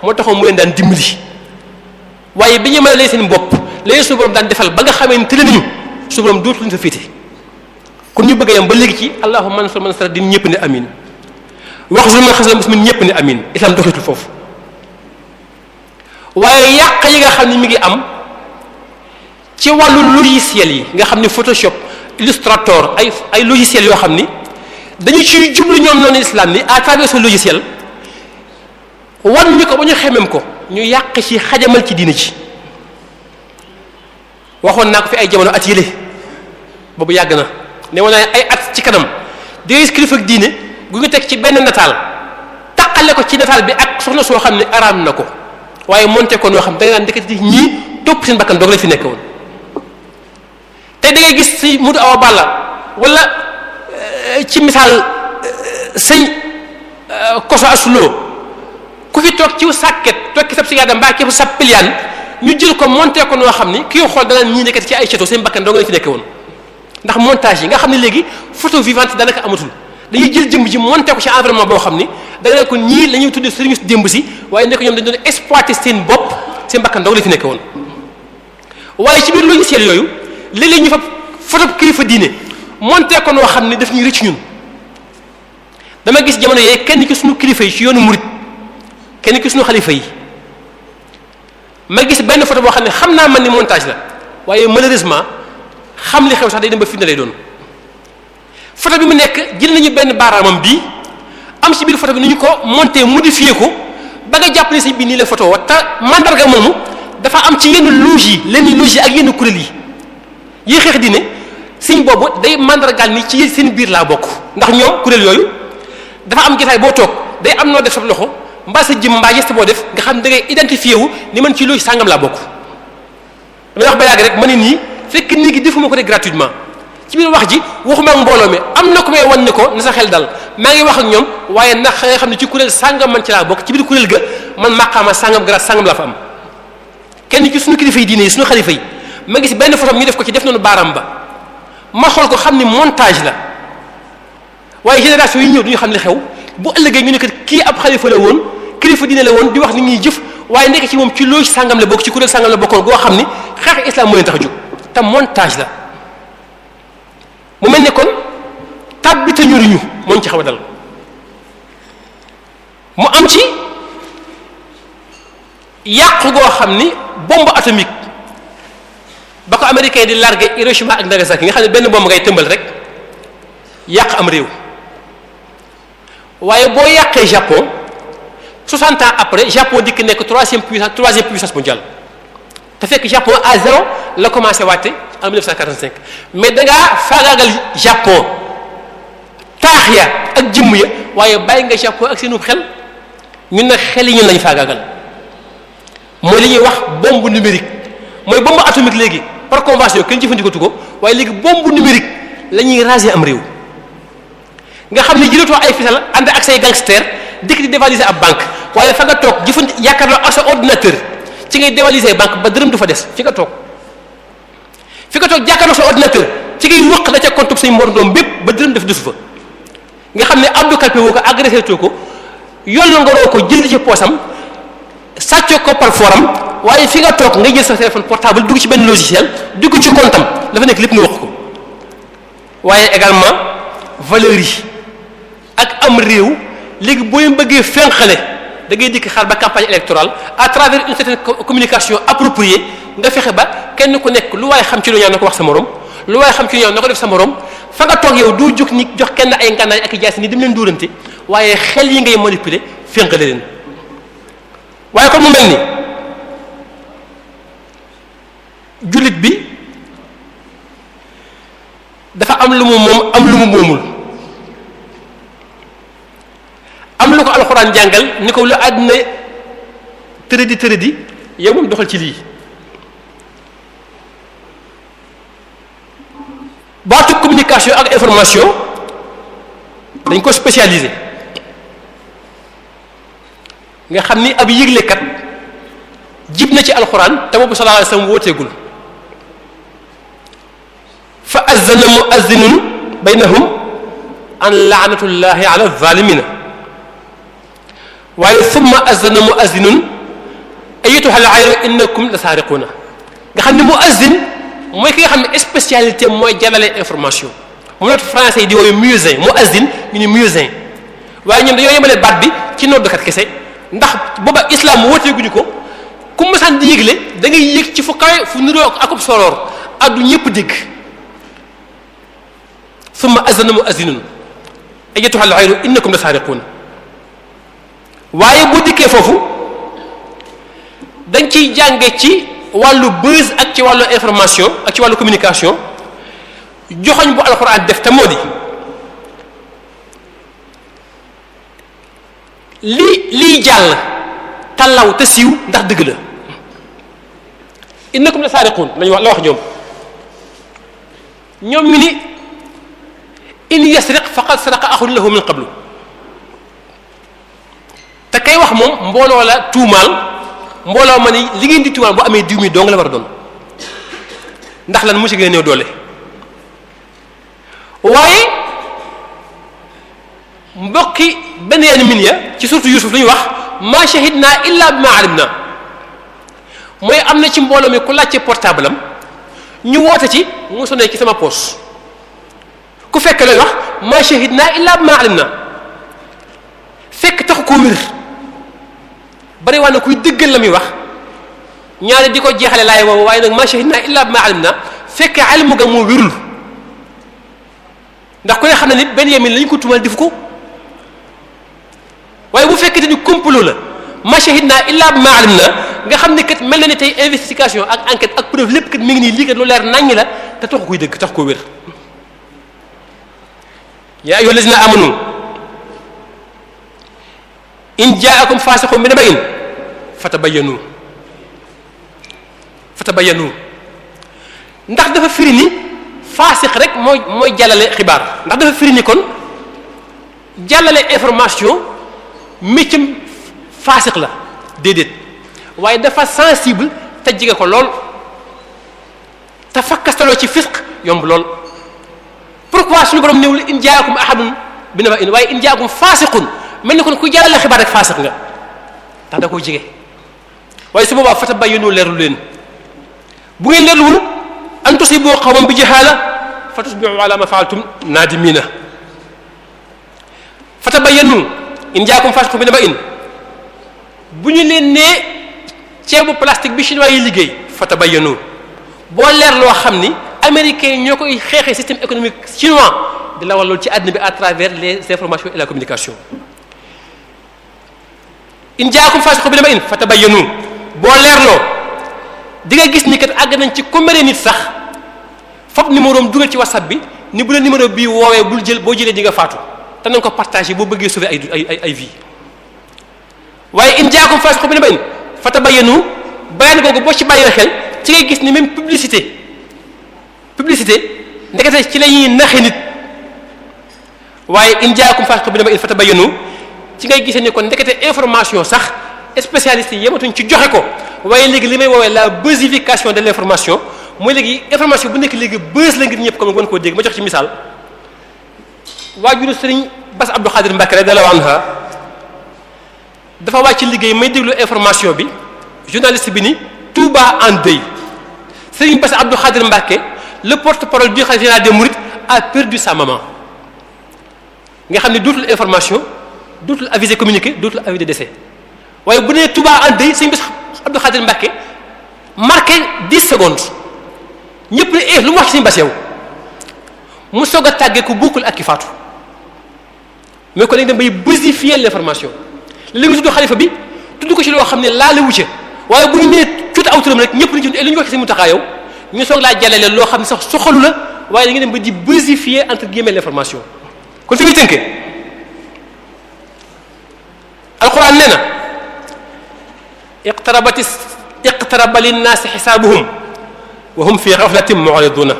Speaker 3: moo taxoon mu leen daan dimbali waaye bi ñu mën a lay seen bopp léegi suñu borom daan defal ba nga xamee ni tële nañu suñu borom duutu ñu fa féete kon ñu bëgg a ba léegi ci allahumma ansur man nasara diin ñëpp ni amin wax jour man xasal muslimin ñëpp ne amin islam doxitul foofu waaye yàq yi nga xam ne mi ngi am ci wàllu logiciel yi nga xam ne photoshop illustrator ay ay logiciel yoo xam ni dañu ciy jublu ñoom noonu islam ni à travers ce logiciel wan ñu ko ba ñu xemem ko ñu yàq ci xajamal ci diina ji waxoon naa ko fi ay jamono at yële boobu yàgg na ne woon naa ay at ci kanam des kilifa ak diine gu ñu teg ci benn nataal taqale ko ci nataal bi ak soxna soo xam ne araam na ko waaye monte ko noo xam da nga naan ndekete ñii topp seen bakkan la fi nekk woon da ngay gis si mudu awa wala euh, ci misaal euh, sëñ euh, koso asuloo ku fi toog ci sàkket toog ci sab sigaada mbaa képp sab piliyaan ñu jël ko monté ko noo xam ni ki xool danaan ñii nekkati ci ay château seen bakkan doog la fi nekk woon ndax montage yi nga xam ne léegi photo vivante daanaka amatul dañuy jël jëmm ji monté ko ci environnement boo xam ni da nga ne ko ñii lañuy ñuy tuddee sëriñu démb si waaye ne ko ñoom dañu doon exploité seen bopp seen bakkan dong la fi nekk woon ci biir logiciel yooyu léeg ñu fa photo kilifa diine monté ko noo xam ne daf ñuy rëcc ñun dama gis jamono yee kenn ki suñu kilifa yi ci yoonu murit kenn ki suñu xalifa yi ma gis benn foto boo xam ne xam naa man ni montage la waaye malheureusement xam li xew sax day dem ba fitna lay doon foto bi mu nekk jël nañu benn baaraamam bii am ci biir photo bi ni ñu ko monté modifié ko ba nga jàpp ne sëñ bi nii la photo wa te mandarga moomu dafa am ci yenn loge yi lenn loge yi ak yenn kuréel yi yi xeex di ne sëñ boobu day mandargaal ni ci seen biir laa bokk ndax ñoom kuréel yooyu dafa am jotaay boo toog day am noo def sa loxo mbaa sa jëm mbaa geste boo def nga xam da ngay identifié wu ni man ci loge sàngam laa bokk damay wax ba rek ma ne nii fekk nii gi defuma ko rek gratuitement ci biir wax ji waxuma ak mbooloo mi am na ku may wan ne ko na sa xel dal maa ngi wax ak ñoom waaye na xam ne ci kuréel sàngam man ci laa bokk ci biir kuréel ga man maqaama sàngam grâce sàngam laa fa kenn ci suñu kilifa yi diine suñu xalifa yi ma gis benn photo def ko ci def noonu baaraam ba ma xool ko xam ni montage la waaye génération yi ñëw duñu xam li xew bu ëllëgee ñu ne kii ab xalifa la woon kilifa diine la woon di wax ni ñuy jëf waaye nekk ci moom ci loolu sàngam la bokk ci kuréel sàngam la bokkoon goo xam ni xeex islam moo leen tax jóg te montage la mu mel ni kon tàbbi te ñuruñu mooñ ci xaw a dal mu am ci yàqu goo xam ni bombe atomique ba ko américain di largué Hiroshima ak Nagasaki nga xam ne benn bombe ngay tëmbal rek yàq am réew waaye boo yàqee Japon 60 ans après Japon dikk nekk troisième puissance troisième puissance mondiale te fekk Japon à zéro la commencé waate en 1945 mais da ngaa faagaagal Japon taax ya ak jëmm ya waaye bàyyi nga Japon ak seenu xel ñun nag xel yi ñun lañuy faagaagal mooy li ñuy wax bombe numérique mooy bombe atomique léegi par convention kenn jëfandikootu ko waaye léegi bombe numérique la ñuy raser am réew nga xam ne jëlatoo ay fisal ànd ak say gangster dikk di dévaliser ab banque waaye fa nga toog jëfandi yaakaar naa ak sa ordinateur ci ngay dévaliser banque ba dërëm du fa des ci nga toog. fi nga toog jàkkaarloo sa ordinateur ci ngay wëq la ca compte say mordoom bépp ba dërëm def desu fa nga xam ne abdou calpe woo ko agressé too ko yoon la nga roo ko jënd ci poosam ko par forum waaye fi nga toog nga jël sa téléphone portable dugg ci benn logiciel dugg ci comptam dafa nekk lépp nga wax ko waaye également valeur yi ak am réew léegi booy bëggee fenqale da ngay dikk xaar ba campagne électorale à travers une certaine communication appropriée nga fexe ba kenn ku nekk lu waaye xam ci lu ñaaw na ko wax sa moroom lu waaye xam ci lu ñaaw na ko def sa morom fa nga toog yow du jóg ni jox kenn ay ngànnaay ak jaasi ni dem leen dóorante waaye xel yi ngay manipuler fénqale leen waaye kon mu mel ni jullit bi dafa am lu mu moom am lu mu moomul am lu ko alxuraan jàngal ni ko lu àddina tërëdi tërëdi yow moom doxal ci lii baatu communication ak information dañ ko spécialisé nga xam ni ab yëglekat jib na ci alxuraan te boobu sallallahu alayhi wasallam wooteegul fa azzana muazzinun baynahum an laanatullahi ala zalimina waaye summa azana mu azinun ayyatuha al ayru innakum la saariquuna nga xam ne mu azin mooy ki nga xam ne spécialité mooy jàllale information mu not français yi di wooyu muezzin mu azin ñu ne muezzin waaye ñun dañoo yemale baat bi ci noddkat kese ndax booba islam wooteeguñu ko ku masaan di yëgle da ngay yëg ci fu kawe fu niroo akub soroor addu ñëpp dégg summa azana mu azinun ayyatuha al ayru innakum la saariquuna waaye bu dikkee foofu dañ ciy jànge ci wàllu buzz ak ci wàllu information ak ci wàllu communication joxoñ bu alxuraan def te moo di li liy jàll tallaw te ndax dëgg la innakum la saariquun lañ wax la wax ñoom ñoom ñu ni in yasriq faqad saraqa axun lahu min qablu kay wax moom mbooloo la tuumaal mbooloo ma ni li ngeen di tuumaal bu amee diw mi dong la war a doon ndax lan mu ci gën a néew doole waaye mbokki beneen min ya ci surtout Yuusuf lu ñu wax ma shahidna illa bima alimna mooy am na ci mbooloo mi ku laajte portable am ñu woote ci mu ci sama poos ku fekk looy wax ma shahidna illa bima alimna taxu koo mbir bari waa na kuy dëggal la muy wax ñaari di ko jeexale laay woowu waaye nag ma shahidna illa bima alimna fekk alimu ga moo wérul ndax ko ne xam ne nit benn yemin lañ ko tumal def ko waaye bu fekkente ni complot la ma i illa bima na nga xam ne kat mel na ni tey investigation ak enquête ak preuve lépp kat mi ngi nii lii kat lu leer naññ la te taxu kuy dëgg tax koo wér yaa ayyuhallazina amanu in jaakum fasiqun bi naba'in fatabayyanu fatabayyanu ndax dafa firi ni faasix rek mooy mooy jàllale xibaar ndax dafa firi ni kon jàllale information méccam faasix la déedéet waaye dafa sensible te jege ko lool te fakkastaloo ci fisq yomb lool pourquoi suñu borom néewul in jaakum bi naba in waaye in mel ni kon ku jàllale xibaar rek faasiq nga ndax da koo jege waaye si boobaa fata bàyyinoo leerlu leen bu ngeen leerluwul an tusibu qawman bi jahaala fa tusbihu ala ma faaltum naadimina fata bayyanu in jaakum fasiqun bi naba'in bu ñu leen nee ceebu plastique bi chinois yi liggéey fata bayyanu boo leer loo xam ni americain yi ñoo koy xeexee système économique chinois di lawal loolu ci àddina bi à travers les informations et la communication in jaakum fasiqun bi naba'in fatabayyanu boo leerloo di nga gis ni kat àgg nañ ci ku nit sax fab numéro am dugal ci whatsapp bi ni bu la numéro bii woowee bul jël boo jëlee di nga faatu te nañ ko partagé boo bëggee sauver ay ay ay vie waaye in jaakum faasiqun bi naba'in fatabayyanu bayaan googu boo ci bàyyee xel ci ngay gis ni même publicité publicité ndekete ci la ñuy naxe nit waaye in jaakum faasiqun bi naba'in fatabayyanu ci ngay gisee ni kon ndekete information sax spécialistes yi ci joxe ko waaye léegi li may woowee la buzzification de l'information mooy léegi information bu nekk léegi buzz la ngir ñëpp comme gën koo dégg ma jox ci misaal waajuru sëriñ Bass Abdou Khadir Mbacké radiyallahu anha dafa wàcc liggéey may déglu information bi journaliste bi ni Touba en deuil sëriñ Bass Abdou Khadir Mbacké le porte-parole du khalife général des mourides a perdu sa maman nga xam ne dootul information dootul avisé communiqué dootul avis de décès waaye bu nee tubaa en deuil sëñ bi Abdou Khadir Mbacke marqué dix secondes ñëpp ne eh, lu mu wax ci sëñ Bassirou mu soog a tàggee ku bokkul ak ki faatu mais ko lañ dem bay brisifie l'information li nga tudd xalifa bi tudd ko ci loo xam ne laa la waaye bu ñu nee cuuta ñëpp ni ci eh, li ñu wax ci sëñ Mountakha yow ñu soog laa jàllale loo xam ne sax soxalu la waaye da nga dem ba di brisifie entre guillemets l'information kon fi muy tënkee alxuraan nee na iqtarabati iqtaraba linnaasi xisaabuhum wa hum fi xaflatin mu'riduna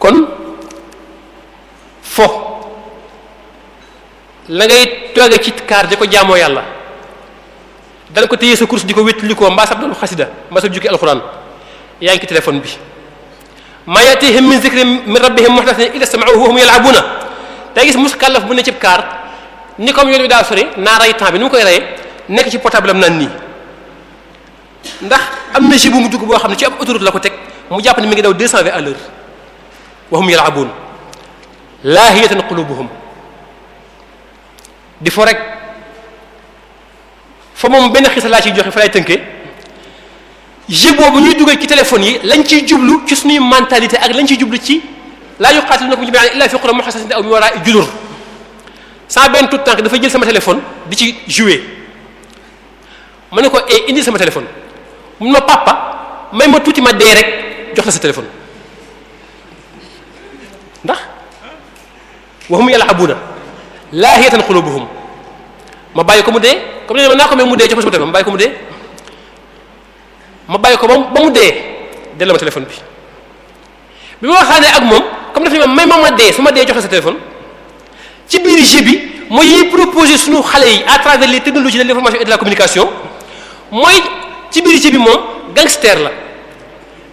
Speaker 3: kon fo la ngay tooge ci kaar di ko jaamoo yàlla danga ko téye sa course di ko wéttilikoo mbaa sab doon xasida mbaa sab jukki alxuraan yaa ngi bi maa yatihim min zikrin min rabbihim muhdathin illa sama'uhu wa hum yal'abuna tey gis muskàllaf bu ne cib kaar ni comme yoon wi daa sori naa rey temps bi nu mu koy reyee nekk ci portable am naan nii ndax am na ci bu mu dugg boo xam ne ci ab autoroute la ko teg mu jàpp ne mi ngi daw deux cent vingt à l'heure wa hum yal'abun laahiyatan qulubuhum di fo rek fa moom benn xisa laa ciy joxe fa lay tënkee jeu boobu ñuy dugal ci téléphone yi lañ ciy jublu ci suñuy mentalité ak lañ ciy jublu ci laa yuqaatilunakum jami'an illa fi qura muhassasin aw min wara'i judur saa benn tout temps dafa jël sama téléphone di ci jouer ma ne ko e eh, indi sama téléphone mun ma papa may ma tuuti ma dee rek jox la sa téléphone ndax waxum yàlla abuna laahiyatan qulubuhum ma bàyyi ko mu dee comme ne ma naa ko may mu dee jox ma sama téléphone ma bàyyi ko mu dee ma bàyyi ko ba ba mu dee delloo ma téléphone bi bi ma waxaanee ak moom comme daf ne ma may ma ma dee su ma dee jox la sa téléphone ci biir jeu bi mooy yiy proposé suñu xale yi à travers les technologies de l'information et de la communication mooy ci biir jeu bi moom gangster la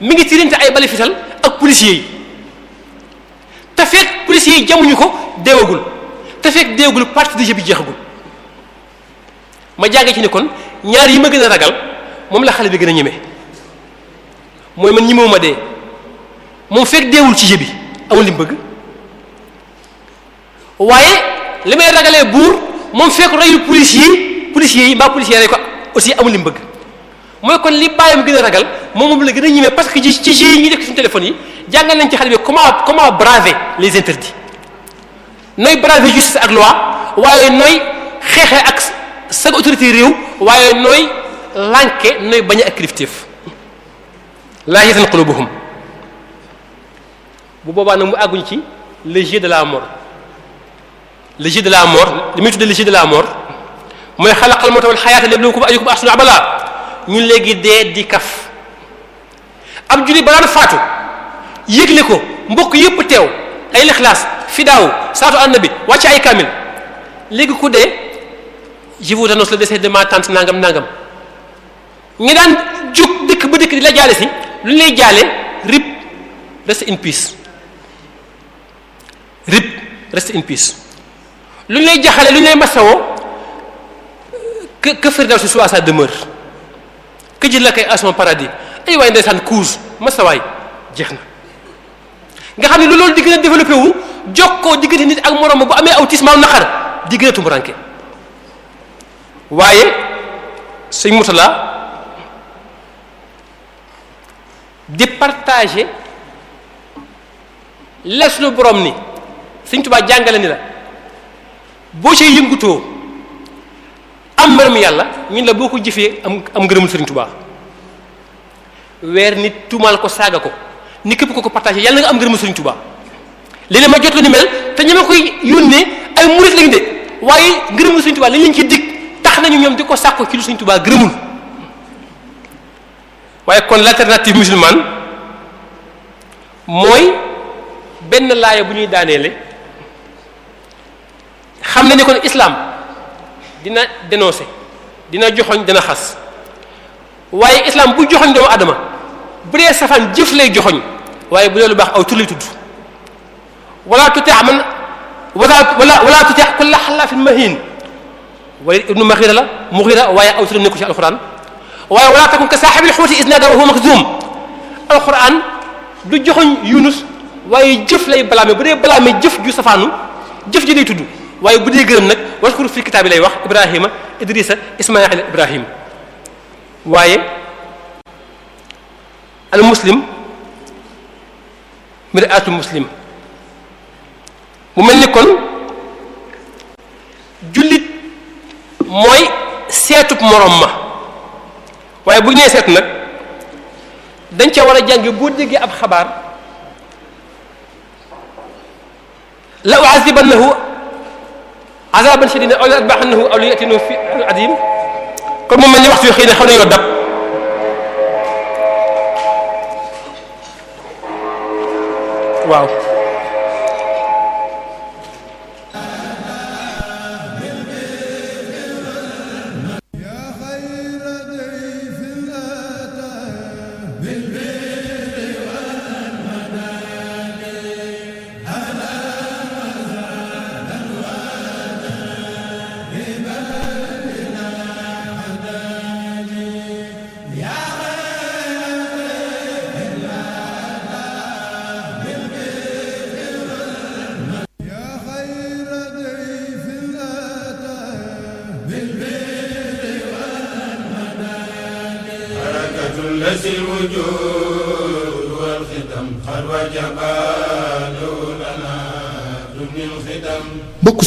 Speaker 3: mi ngi tirante ay bali fital ak policiers yi te fekk policiers yi jamuñu ko deewagul te fekk deewagul partie de jeu bi jeexagul ma jàngee ci ne kon ñaar yi ma gën a ragal moom la xale bi gën a ñeme mooy man ñi moo ma dee moom fekk deewul ci jeu bi amul li mu bëgg. waaye li may ragalee buur moom fekk reyul police yi police yi mbaa policier rey ko aussi amul li mu bëgg mooy kon li bàyyam gën a ragal moom moom la gën a ñimee parce que ci ci yi ñu def suñu téléphone yi jàngal nañ ci xale bi comment comment braver les interdits nooy braver justice ak loi waaye nooy xeexee ak sa autorité réew waaye nooy lànke nooy bañ a ak criptif laa yatan qulubuhum bu boobaa nag mu àgguñ ci le jeu de la mort léegi de la mort li muy tuddee léegi de la mort mooy xalaqal mawta wal xayaata liyabluwakum ayyukum ahsanu amala ñu léegi dee di kaf ab julli balaan faatu yëgle ko mbokk yëpp teew ay lixlaas fidaaw saatu annabi wàcc ay kamil léegi ku dee je vous annonce le décès de ma tante nangam nangam ñi daan jug dëkk ba dëkk di la jaale si lu ñu lay jaale rip rest in peace rip rest in peace. lu ñu lay jaxale lu ñu lay masawoo que que Firdaws soit saa demeure que jël la kay à son paradis ay waay ndeysaan couche masawaay jeex na nga xam ne lu loolu di gën a développé wu jokkoo diggante nit ak moroom bu amee autisme am naqar di gën a tumburanke waaye sëñ Moutala di partager les lu borom ni sëñ Tuubaa jàngale ni la boo cee yëngutoo am mbërëm yàlla ñun la boo ko jëfee am am ngërëmul Sëriñ Tuubaa weer nit tuumaal ko saaga ko ni képp ko ko partagé yàlla nga am ngërëmul Sëriñ Tuubaa léeg ma jot lu ni te ñi ma koy ay murit lañu de waaye ngërëmul Sëriñ Tuubaa lañ leen ci dikk tax nañu ñoom di ko sàkku ci lu Sëriñ Tuubaa gërëmul waaye kon l'alternative musulmane mooy benn laaya bu ñuy daaneele xam na ni kon islam dina dénoncer dina joxoñ dina xas waaye islam bu joxoñ doomu adama bu dee safaan jëf lay joxoñ waaye bu dee lu baax aw tur lay tudd wala tuteex man wala wala wala tuteex kulla xalaafin mahin wala ibnu maxira la muxira waaye aw turam nekku ci alquran waaye wala takun ka saaxibil xuuti isnaada wa huwa maxzum alquran du joxoñ yunus waaye jëf lay balaame bu dee balaame jëf ju safaanu jëf ji lay tudd waaye bu dee gërëm nag washkur fi kitaab yi lay wax Ibrahima Idrissa Ismaayil Ibrahim waaye al muslim mir'atu muslim mu mel ni kon jullit mooy seetub moroom ma waaye bu ñu nee seetu nag dañ ca war a jànge boo déggee ab xabaar la u'azibannahu azaban shadidan aw lanadbahannahu aw liyatinu fi adim kon moom mel ni waxtu yi xëy na xaw nañoo dab waaw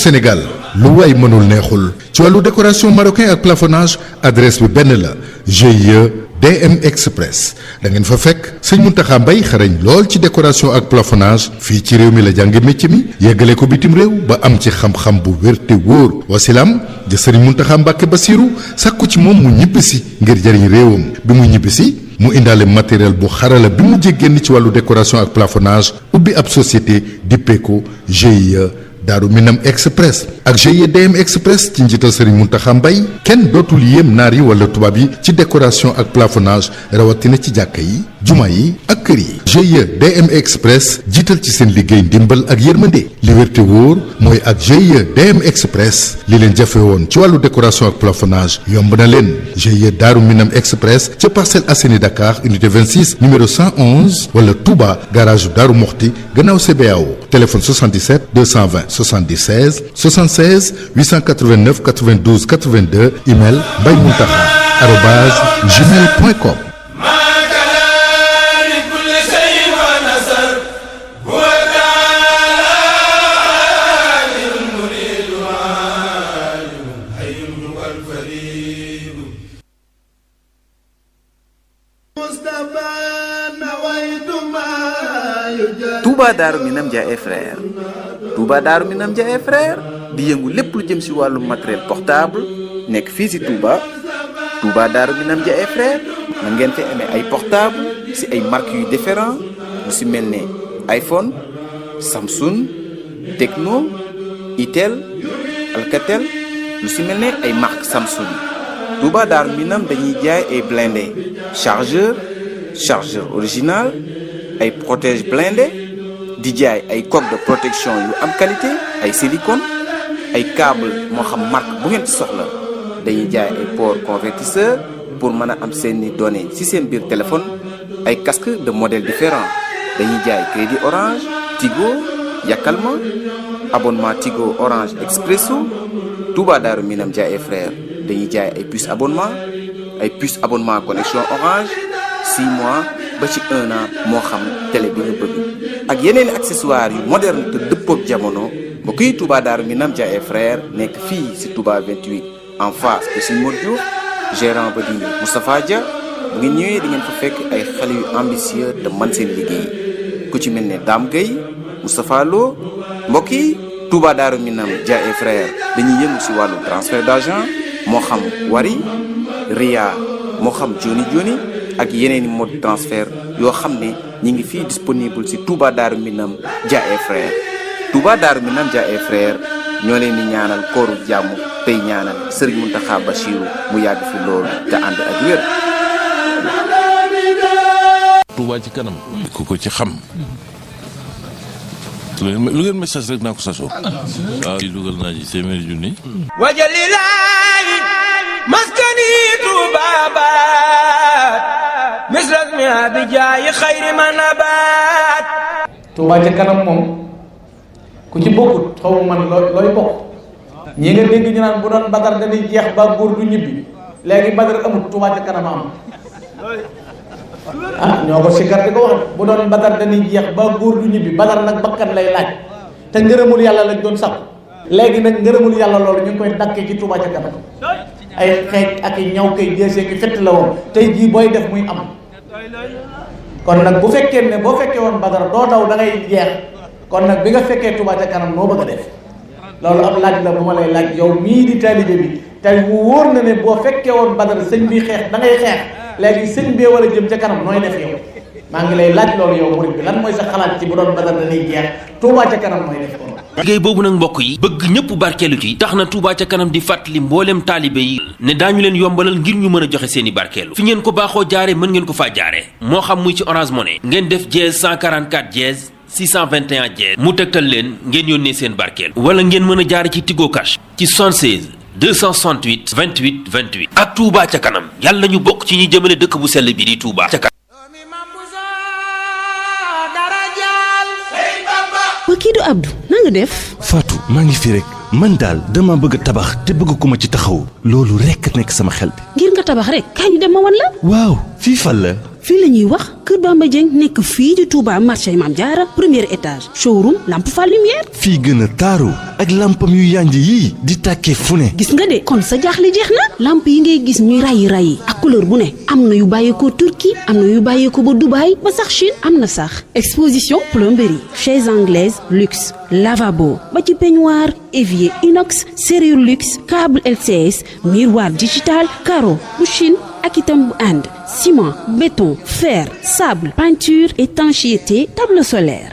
Speaker 4: Sénégal lu waay mënul neexul ci wàllu décoration marocain ak plafonnage adresse bi benn la GIE DM Express da ngeen fa fekk sëñ Mountakha Mbaye xarañ lool ci décoration ak plafonnage fii ci réew mi la jànge métier mi yeggale ko bitim réew ba am ci xam-xam bu wér te wóor wasilaam ja sëriñ Mountakha Mbàkke Basiru sàkku ci moom mu ñibbisi ngir jëriñ réewam bi mu ñibbisi mu indaale matériel bu xarala bi mu génn ci wàllu décoration ak plafonnage ubbi ab société di PECO Daaru Minam Express ak GIDM e Express ci njiital Serigne Mountakha Mbaye kenn dootul yéem naar yi wala tubaab yi ci décoration ak plafonnage rawatina ci jàkka yi juma yi ak kër yi GIE DM Express jiital ci seen liggéey ndimbal ak yërmande li wér te mooy ak GIE DM Express li leen jafe woon ci wàllu décoration ak plafonnage yomb na leen GIE Daaru Minam Express ca Parcelles Assainies Dakar unité 26 numéro 111 wala Touba garage Daaru Moxti gannaaw CBAO téléphone 77 220 76 76 889 92 82 email mbay muntaxa arobase gmail point com
Speaker 5: Touba Daaru Minam Dia et Touba Daaru Minam Dia di yëngu lépp lu jëm ci wàllu matériel portable nekk fii si Touba Touba Daaru Minam Dia et frères na ngeen fi amee ay portable si ay marques yu différents lu si mel ne iPhone Samsung Tecno Itel Alcatel lu si mel ne ay marques Samsung Touba Daaru Minam dañuy jaay ay blindé chargeur chargeur original ay protège blindé di jaay ay coque de protection yu am qualité ay silicone ay câble moo xam marque bu ngeen ci soxla dañuy jaay ay port convertisseur pour mën a am seeni données ci seen biir téléphone ay casque de modèle différent dañuy jaay crédit orange Tigo ma abonnement Tigo orange expresso Touba Daaru Minam Jaay et frère dañuy jaay ay puce abonnement ay puce abonnement connexion orange 6 mois ba ci 1 an moo xam télé bi bëgg ak yeneen accessoires yu moderne te dëppook jamono mbokk yi Touba Darou Minam Dia et frère nekk fii si Touba 28 en face de suñu Modou gérant ba di Moustapha Dia bu ngeen ñëwee di ngeen fa fekk ay xale yu ambitieux te man seen liggéey ku ci mel ne Dame Gueye Moustapha Lo mbokk yi Touba Darou Minam Dia et frère dañuy yëngu si wàllu transfert d'argent moo xam wari ria moo xam joni joni ak yeneen i mode yoo xam ne ñi ngi fi disponible si Touba Darou Minam Dia et Frères Touba Darou Minam Dia et Frères ñoo leen di ñaanal kooru jàmm tey ñaanal Serigne Mountakha Bachirou
Speaker 6: mu yàgg fi loolu te ànd ak wér. Touba ci kanam. ku ko ci xam. lu ngeen message rek naa ko sasoo. waaw kii dugal naa ji téeméeri junni.
Speaker 3: wajalilaayi maskani Touba misras mi bi jaayi xayri ma nabaat
Speaker 7: Tuubaa ca kanam moom ku ci bokkut xaw ma man looy looy bokk ñi nga dégg ñu naan bu doon badar dañuy jeex ba góor du ñibbi léegi badar amut Tuubaa ca kanam am
Speaker 1: ah ñoo ko sikkar
Speaker 7: di ko wax bu doon badar dañuy ba góor du ñibbi badar nag bakkan lay laaj te ngërëmul yàlla lañ doon sax léegi nag ngërëmul yàlla loolu ñu ngi koy dakkee ci Tuubaa ca kanam ay xeej ak i ñaw koy jeesee ki fett la woon tey jii booy def muy am kon nag bu fekkee ne boo fekkee woon badar doo daw da ngay jeex kon nag bi nga fekkee Touba ca kanam noo bëgg a def loolu ab laaj la bu ma lay laaj yow mii di taalibe bi tey mu wóor na ne boo fekkee woon badar sëñ bi xeex da ngay xeex léegi sëñ bee war a jëm ca kanam nooy def yow maa ngi lay laaj loolu yow murid bi lan mooy sa xalaat ci bu doon badar dañuy jeex Touba ca kanam nooy def ko
Speaker 6: liggéey boobu nag mbokk yi bëgg ñëpp barkeelu ci tax na Touba ca kanam di fàttali mbooleem taalibe yi ne daañu leen yombalal ngir ñu mën a joxe seeni barkeelu fi ngeen ko baaxoo jaare mën ngeen ko faa jaare moo xam muy ci Orange Money ngeen def dièse 144 dièse 621 dièse mu tegtal leen ngeen yónnee seen barkeelu wala ngeen mën a jaare ci Tigo Cash ci 76 268 28 28 ak Touba ca kanam yàlla ñu bokk ci ñi jëmale dëkk bu sell bi di Touba ca kanam
Speaker 8: kii du Abdou na def.
Speaker 6: Fatou maa ngi fi rek man daal dama bëgg a tabax te bëgg ku ma ci taxaw loolu rek nekk sama
Speaker 4: xel
Speaker 8: ngir nga tabax rek kaay dem ma wan la.
Speaker 4: waaw fii fan la.
Speaker 8: fii la ñuy wax Kër Bamba nekk fii ci Touba marché Mame Diarra première étage showroom lampe fa lumière.
Speaker 4: fii gën a taaru ak lampam yu yànj yii di tàkkee fu ne.
Speaker 8: gis nga de kon sa jaaxle jeex na lamp yi ngay gis ñuy rayi rayi ak couleur bu ne am na yu bàyyeekoo Turquie am na yu bàyyeekoo ba Dubaï ba sax Chine am na sax exposition plomberie chaise anglaise luxe lavabo ba ci peignoir évier inox serrure luxe câble LCS miroir digital carreau bu Chine. ak itam bu ànd ciment béton fer sable peinture étanchéité table solaire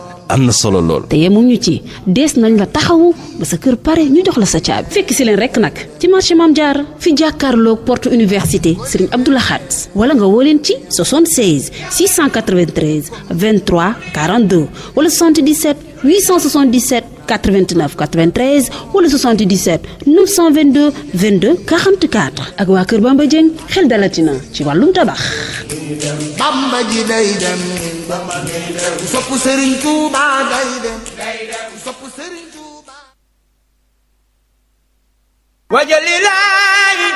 Speaker 6: am na solo lool. te yemuñu ci dees nañ la taxawu
Speaker 8: ba sa kër pare ñu jox la sa caabi. fekk si leen rek nag ci marché Mame Diarra fi jàkkaarloog porte université Serigne Abdou Lahat wala nga woo leen ci 76 693 23 42 wala 77 877. 89 93 wala 77 922 22 44 ak waa Kër Bamba Dieng xel dalatina ci wàllum tabax.
Speaker 5: Bamba ji day dem sopp Serigne Touba day dem sopp Serigne Touba.
Speaker 3: wajalilaayi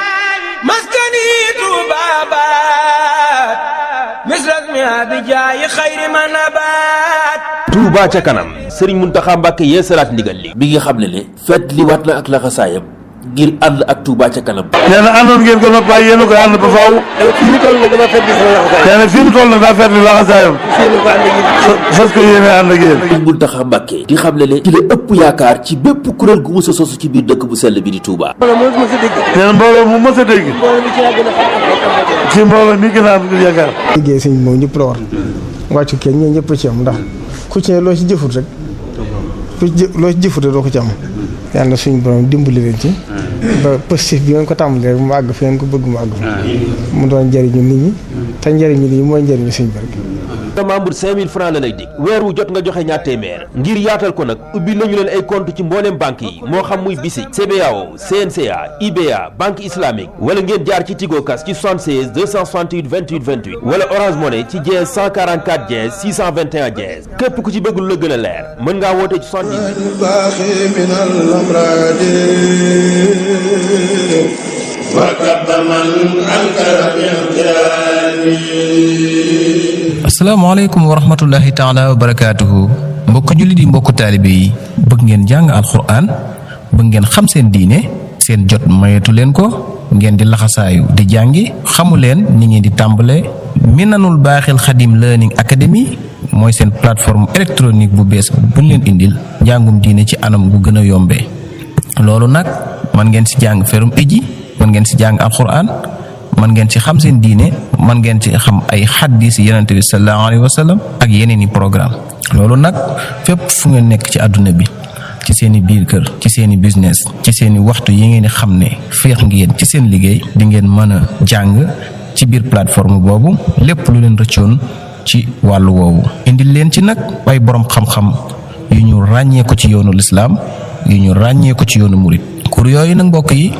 Speaker 3: maskani Touba ba. Touba
Speaker 6: ca kanam Serigne Mountakha Mbacké yee salaat ndigal li bi nga xam ne ne feet li waat na ak laxasaayam ngir ànd ak Touba ca kanam. nee na àndoon ngeen ko nag waaye yéen
Speaker 1: a koy ànd ba faaw. mu toll nag dafa
Speaker 6: fekk sama laxasaayam. fas ko yéene ànd ak yéen. Sëriñ Muntaxa Mbàkke di xam ne ne ci la ëpp yaakaar ci bépp kuréel gu mës a ci biir dëkk bu sell bi di Touba. nee na mbooloo mu mës dégg.
Speaker 9: ci mbooloo mi gën a am yaakaar. liggéey wàccu kenn ñoo ñëpp ci am ndax ku ci loo ci jëfut rek ku ci loo ci jëfute doo ko ci am yàlla na suñu borom dimbali leen ci
Speaker 6: hmm.
Speaker 9: ba positif bi ngeen ko tàmbalee rek mu àgg fi ngeen ko bëgg mu àgg hmm. mu doon njëriñu nit ñi hmm. te njëriñu nit ñi mooy njëriñu suñu borom
Speaker 6: te membre 5000 francs la lay dig weer wu jot nga joxe ñaar téeméer ngir yaatal ko nag ubbi nañu leen ay compte ci mbooleem banque yi moo xam muy BICIC CBAO CNCA IBA banque islamique wala ngeen jaar ci Tigo Cash ci 76 268 28 28 wala Orange Money ci dièse 144 dièse 621 dièse képp ku ci bëgg lu la gën leer mën ngaa woote ci 78
Speaker 5: asalaamaaleykum wa rahmatullahi taala wa barakaatuhu mbokk jullit yi mbokk taalibe yi bëgg ngeen jàng alxuraan bëgg ngeen xam seen diine seen jot mayetu leen ko ngeen di laxasaayu di jàngi xamu leen ni ngeen di tàmbale minanul baaxil xadim learning academy mooy seen platforme électronique bu bees buñ leen indil njàngum diine ci anam gu gën a yombee loolu nag man ngeen ci jàng ferum iji mën ngeen si jàng alquran mën ngeen ci xam seen diine mën ngeen ci xam ay xaddis yonent bi sallallahu alayhi wa sallam ak yeneen i programme loolu nag fépp fu ngeen nekk ci àdduna bi ci seen i biir kër ci seen i business ci seen waxtu yi ngeen di xam ne féex ngeen ci seen liggéey di ngeen mën a jàng ci biir plateforme boobu lépp lu leen rëccoon ci wàll woowu. indil leen ci nag ay borom xam-xam yu ñu ràññeeku ci yoonu lislaam yu ñu ràññeeku ci yoonu murit kur yooyu nag mbokk yi.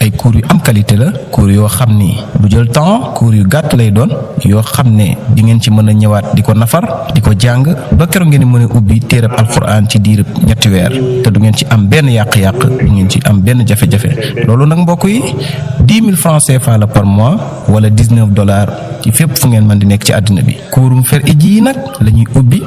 Speaker 5: ay cours yu am qualité la cours yoo xam ni bu jël temps cours yu gàtt lay doon yoo xam ne di ngeen ci mën a ñëwaat di ko nafar di ko jàng ba keroog ngeen mën a ubbi téereb alquran ci diirub ñetti weer te du ngeen ci am benn yàq-yàq du ngeen ci am benn jafe-jafe loolu nag mbokk yi dix mille francs CFA la par mois wala dix neuf dollars ci fépp fu ngeen mën di nekk ci àddina bi. kuurum fer iji yi nag la ñuy ubbi.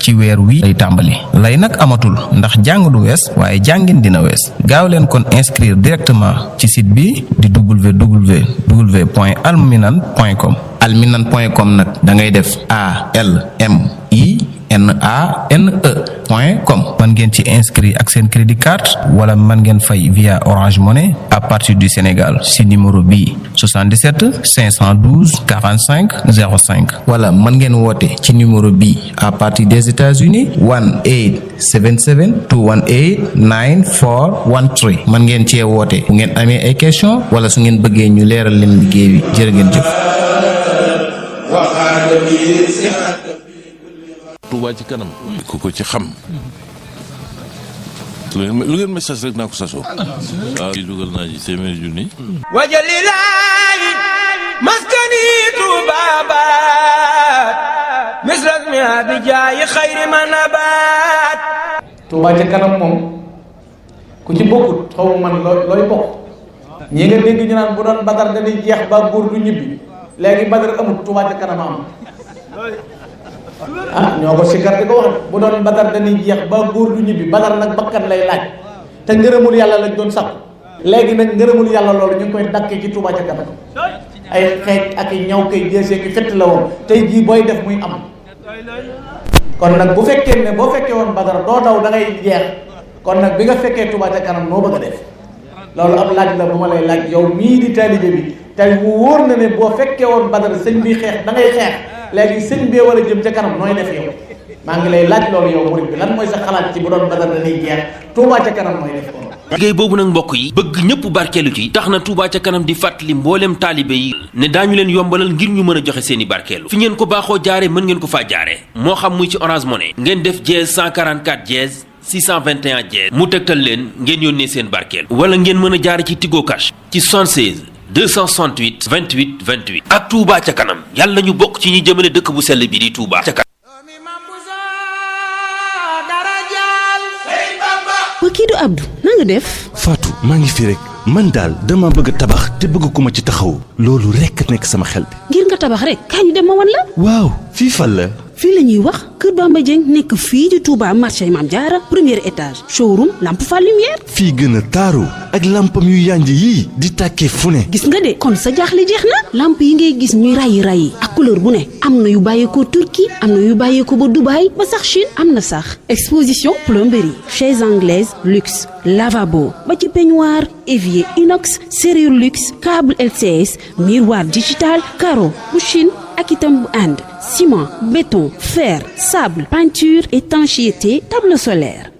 Speaker 5: ci weer wi lay tàmbali lay nag amatul ndax jàng du wees waaye jàngin dina wees gaaw leen kon inscrire directement ci site bi di www.alminan.com alminan.com nag da ngay def A L M I nane point com man ngeen ci inscrit ak seen crédit card wala man ngeen fay via Orange Money à partir du Sénégal si numéro bii 77 512 45 05 wala man ngeen woote ci numéro bii à partir des États-Unis 1-877 218 9413 man ngeen cee woote bu ngeen amee ay question wala su ngeen bëggee ñu leeral leen liggéey
Speaker 6: bi jërë ngeen jëf Touba ci kanam. ku ko ci xam. lu ngeen lu ngeen message rek naa ko sasoo. waaw kii dugal naa ji téeméeri junni. wajalilaayi maskani Touba baat misrak mi
Speaker 3: abijaayi xayri ma nabaat.
Speaker 7: Touba ca kanam moom ku ci bokkut xaw man looy looy bokk. ñi nga dégg naan bu doon badar dañuy jeex ba góor du ñibbi léegi badar amut Touba ca kanam am. ah ñoo ko sikar di ko wax bu doon badar dañuy jeex ba góor du ñibbi badar nag bakkan lay laaj te ngërëmul yàlla lañ doon sax léegi nag ngërëmul yàlla loolu ñu ngi koy dakkee ci Touba a kanam ay xeej ak i ñaw kay jeesee ki fett la woon tey jii booy def muy am kon nag bu fekkee ne boo fekkee woon badar doo daw da ngay jeex kon nag bi nga fekkee Touba ca kanam noo bëgg a def loolu ab laaj la bu ma lay laaj yow mii di taalibe bi tey mu wóor na ne boo fekkee woon badar sëñ bi xeex da ngay xeex léegi sëñ bee war a jëm ca kanam nooy def yow maa ngi lay laaj loolu yow murid bi lan mooy sa xalaat ci bu doon badar dañuy jeex Touba ca kanam nooy def ko
Speaker 6: liggéey boobu nag mbokk yi bëgg ñëpp barkeelu ci tax na Touba ca kanam di fàttali mbooleem taalibe yi ne daañu leen yombalal ngir ñu mën a joxe seeni i barkeelu fi ngeen ko baaxoo jaare mën ngeen ko faa jaare moo xam muy ci Orange Money ngeen def dièse 144 dièse 621 dièse mu tegtal leen ngeen yónnee wala ngeen mën a jaare ci Tigo Cash ci 76 268 28 28 ak Touba ca kanam yàlla ñu bokk ci ñi jëmale dëkk bu sell bi di Touba ca kanam.
Speaker 8: waa kii du def.
Speaker 6: Fatou maa ngi fi rek man daal dama bëgg tabax te bëgg ku ma ci taxaw loolu rek nekk sama xel
Speaker 8: ngir nga tabax rek kaay dem ma wan la.
Speaker 6: waaw fii fan la.
Speaker 8: fii la ñuy wax Kër Bamba Dieng nekk fii ci Touba marché Mame Diarra premier étage showroom lampe fa lumière.
Speaker 4: fii gën a taaru ak lampam yu yànj yii di tàkkee fu ne.
Speaker 8: gis nga de kon sa jaaxle jeex na lamp yi ngay gis ñuy rayi rayi ak couleur bu ne am na yu bàyyeekoo turki am na yu bàyyeekoo ba Dubaï ba sax Chine am na sax exposition plomberie chaise anglaise luxe lavabo ba ci peignoir. évier inox serrure luxe câble LCS miroir digital carreau bu Chine ak itam bu ànd ciment béton fer sable peinture étanchéité table solaire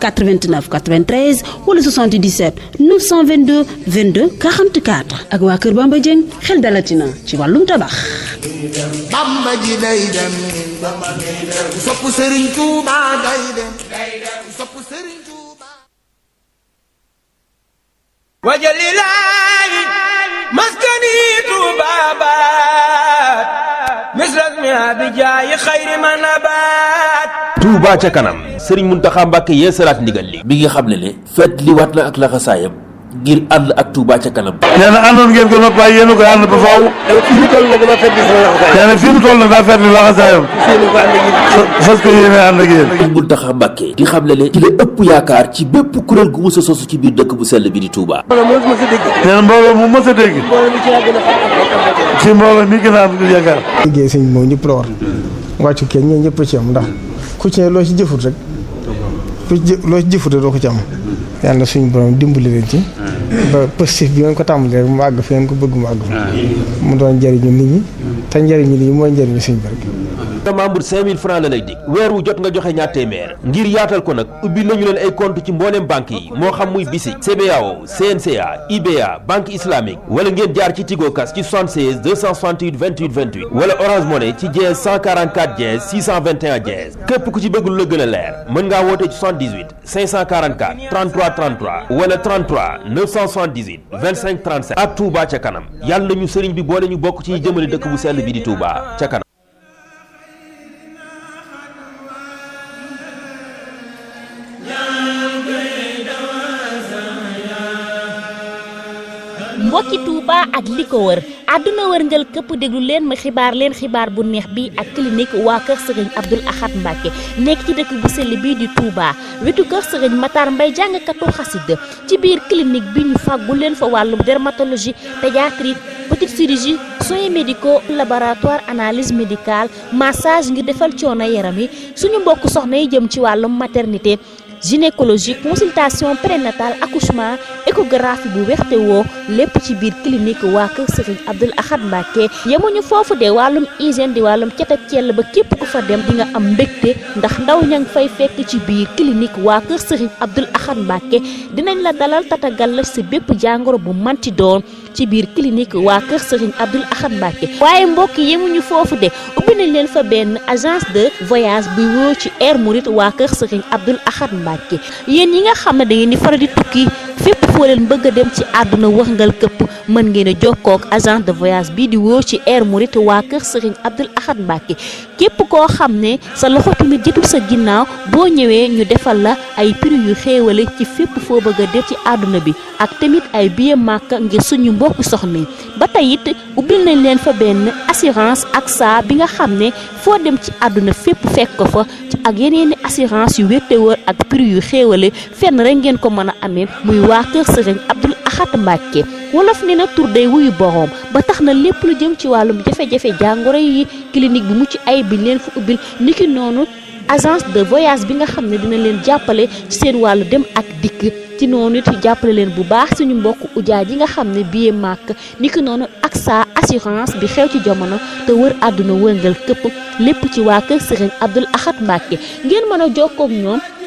Speaker 8: 89 93 wala 77 922 22 44 ak waa Kër Bamba Dieng xel dalatina ci wàllum tabax.
Speaker 4: Bamba ji day dem
Speaker 5: sopp Sëriñ Tuuba day dem
Speaker 9: sopp Sëriñ Tuuba
Speaker 3: wajalilaahi maskani Tuuba Touba
Speaker 6: ca kanam Serigne Mountakha Mbacké yee salaat ndigal li bi nga xam ne ne feet wat na ak laxasaayam ngir ànd ak Touba ca kanam.
Speaker 4: nee na àndoon ngeen ko noppi waaye koy ànd ba faaw. fii fii mu toll nag daa fekk li laxasaayam.
Speaker 6: fas ko yéene ànd ak yéen. di xam yaakaar ci bépp kuréel gu mës a sosu ci biir dëkk bu sell bi di Touba.
Speaker 4: nee na mbooloo mu mës dégg.
Speaker 6: ci mbooloo mi gën a am yaakaar. liggéey sëñ moom ñëpp la war
Speaker 9: wàccu kenn ñoo ñëpp ci am ndax ku ci ne loo ci jëfut rek ci loo ci jëfut rek doo ko ci am yàlla na suñu borom dimbali leen ci. Hmm. ba positif bi ngeen ko tàmbalee mu àgg fi ngeen ko bëgg mu àgg fa. Hmm. doon njëriñu nit ñi. te njëriñu nit ñi mooy njëriñu suñu borom.
Speaker 6: te membre 5000 francs la lay dig weer wu jot nga joxe ñaar téeméer ngir yaatal ko nag ubbi nañu leen ay compte ci mbooleem banque yi moo xam muy BICIS CBAO CNCA IBA banque islamique wala ngeen jaar ci Tigo Cash ci 76 268 28 28 wala Orange Money ci dièse 144 dièse 621 dièse képp ku ci bëgg lu la gën a leer mën ngaa woote ci 78 544 wala ak Touba ca kanam yàlla ñu sëriñ bi boole ñu bokk ci jëmale dëkk bu sell bi di Touba ca kanam
Speaker 10: mbokki Touba ak li ko wër àdduna wërngël këpp déglu leen ma xibaar leen xibaar bu neex bi ak clinique waa kër sëriñ Abdoul Ahad Mbacke nekk ci dëkk bu sell bii di Touba wetu kër sëriñ Matar Mbay jàngkatu xasida ci biir clinique bi ñu fàggu leen fa wàllum dermatologie pédiatrie petite chirurgie soins médicaux laboratoire analyse médicale massage ngir defal coono yaram yi suñu mbokk soxna yi jëm ci wàllum maternité gynécologie consultation prénatale accouchement échographie bu wexte woo lépp ci biir clinique waa kër Serigne Abdoul Ahad Mbacké yemuñu foofu de wàllum hygiène di wàllum cet ak cell ba képp ku fa dem di am mbégte ndax ndaw ña ngi fay fekk ci biir clinique waa kër Serigne Abdoul Ahad Mbacké dinañ la dalal tatagal la si bépp jàngoro bu manti doon ci biir clinique waa kër Serigne Abdoul Ahad Mbacké waaye mbokk yemuñu foofu de ubbi nañ leen fa benn agence de voyage buy woo ci air Mouride waa kër Serigne Abdoul Ahad Mbacké yéen yi nga xam ne da ngeen di faral di tukki fépp foo leen bëgg a dem ci àdduna wërngal këpp mën ngeen jokkook jokkoo agent de voyage bii di wóor ci Air Mouride waa kër Serigne Abdoul Ahad Mbacké képp koo xam ne sa loxo tamit jotul sa ginnaaw boo ñëwee ñu defal la ay prix yu xéewale ci fépp foo bëgg a dem ci àdduna bi ak tamit ay billet màkk ngir suñu mbokk soxna ba tey it ubbil nañ leen fa benn assurance ak saa bi nga xam ne foo dem ci àdduna fépp fekk ko fa ak yeneeni assurance yu wéttewër ak prix yu xéewale fenn rek ngeen ko mën a amee waa kër sëriñ Abdul Ahad Mbàkke wolof ne na tur day wuyu boroom ba tax na lépp lu jëm ci wàllum jafe-jafe jàngoro yi clinique bi mucc ay bi leen fu ubbil niki noonu agence de voyage bi nga xam ne dina leen jàppale ci seen wàllu dem ak dikk ci noonu it jàppale leen bu baax suñu mbokk ujaa ji nga xam ne billet màkk niki noonu ak sa assurance bi xew ci jamono te wër àdduna wërngal këpp lépp ci waa kër Serigne Abdoul Ahad Mbacke ngeen mën a jokkoo ak ñoom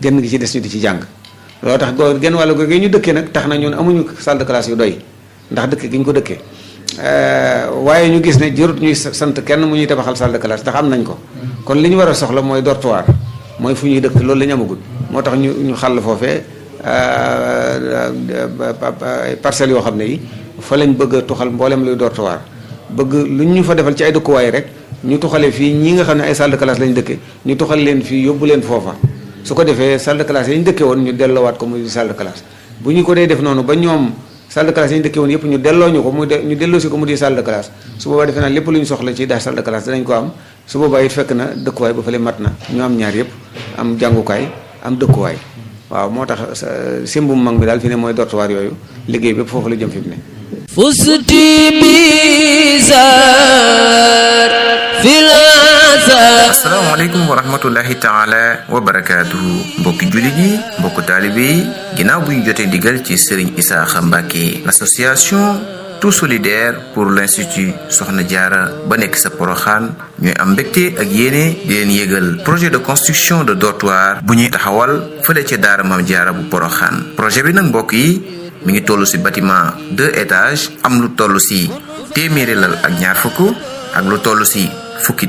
Speaker 9: genn gi ci des ñu di ci jàng loo tax goo genn wàllu googu ñu dëkke nag tax na ñun amuñu salle de yu doy ndax dëkk gi ñu ko dëkkee euh, waaye ñu gis ne jërut ñuy sant kenn mu ñuy tabaxal salle de classe ndax am nañ ko kon li ñu war a soxla mooy dortoir mooy fu ñuy dëkk loolu la ñu moo tax ñu ñu xàll foofee euh, euh, parcelles yoo xam ne yi fa lañ bëgg a tuxal mboolem luy dortoir bëgg lu ñu fa defal ci ay dëkkuwaay rek ñu tuxale fii ñi nga xam ne ay salle de lañ dëkkee ñu tuxal leen fii yóbbu leen foofa su ko defee salle de classe yi ñu dëkkee woon ñu delloowaat ko muy salle de classe bu ñu ko dee def noonu ba ñoom salle de classe yi woon yëpp ñu delloo ñu ko ñu delloo ko mu di salle de su boobaa defe naa lépp lu ñu soxla ci daa salle de danañ ko am su boobaa it fekk na dëkkuwaay ba fale mat na ñu am ñaar yëpp am jàngukaay am dëkkuwaay waaw moo tax simbum mag mi daal fi ne mooy dortoir yooyu liggéey bépp foofu la jëm fi ne
Speaker 1: fusti bizar
Speaker 5: asalaamaaleykum wa rahmatullahi taala wa barakaatuhu mbokki jullit yi mbokk taalibe yi ginnaaw bu ñu jotee digal ci Serigne Isaaxa Mbàkke l'association tout solidaire pour l'institut Soxna Jaara ba nekk sa poroxaan ñooy am mbégte ak yéene di leen yëgal projet de construction de dortoir bu ñuy taxawal fële ca daara Maam Jaara bu poroxaan projet bi nag mbokk yi mi ngi toll ci bâtiment deux étages am lu toll ci téeméeri lal ak ñaar fukk ak lu toll ci fukki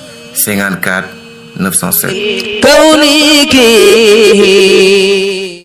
Speaker 5: 54
Speaker 1: 907.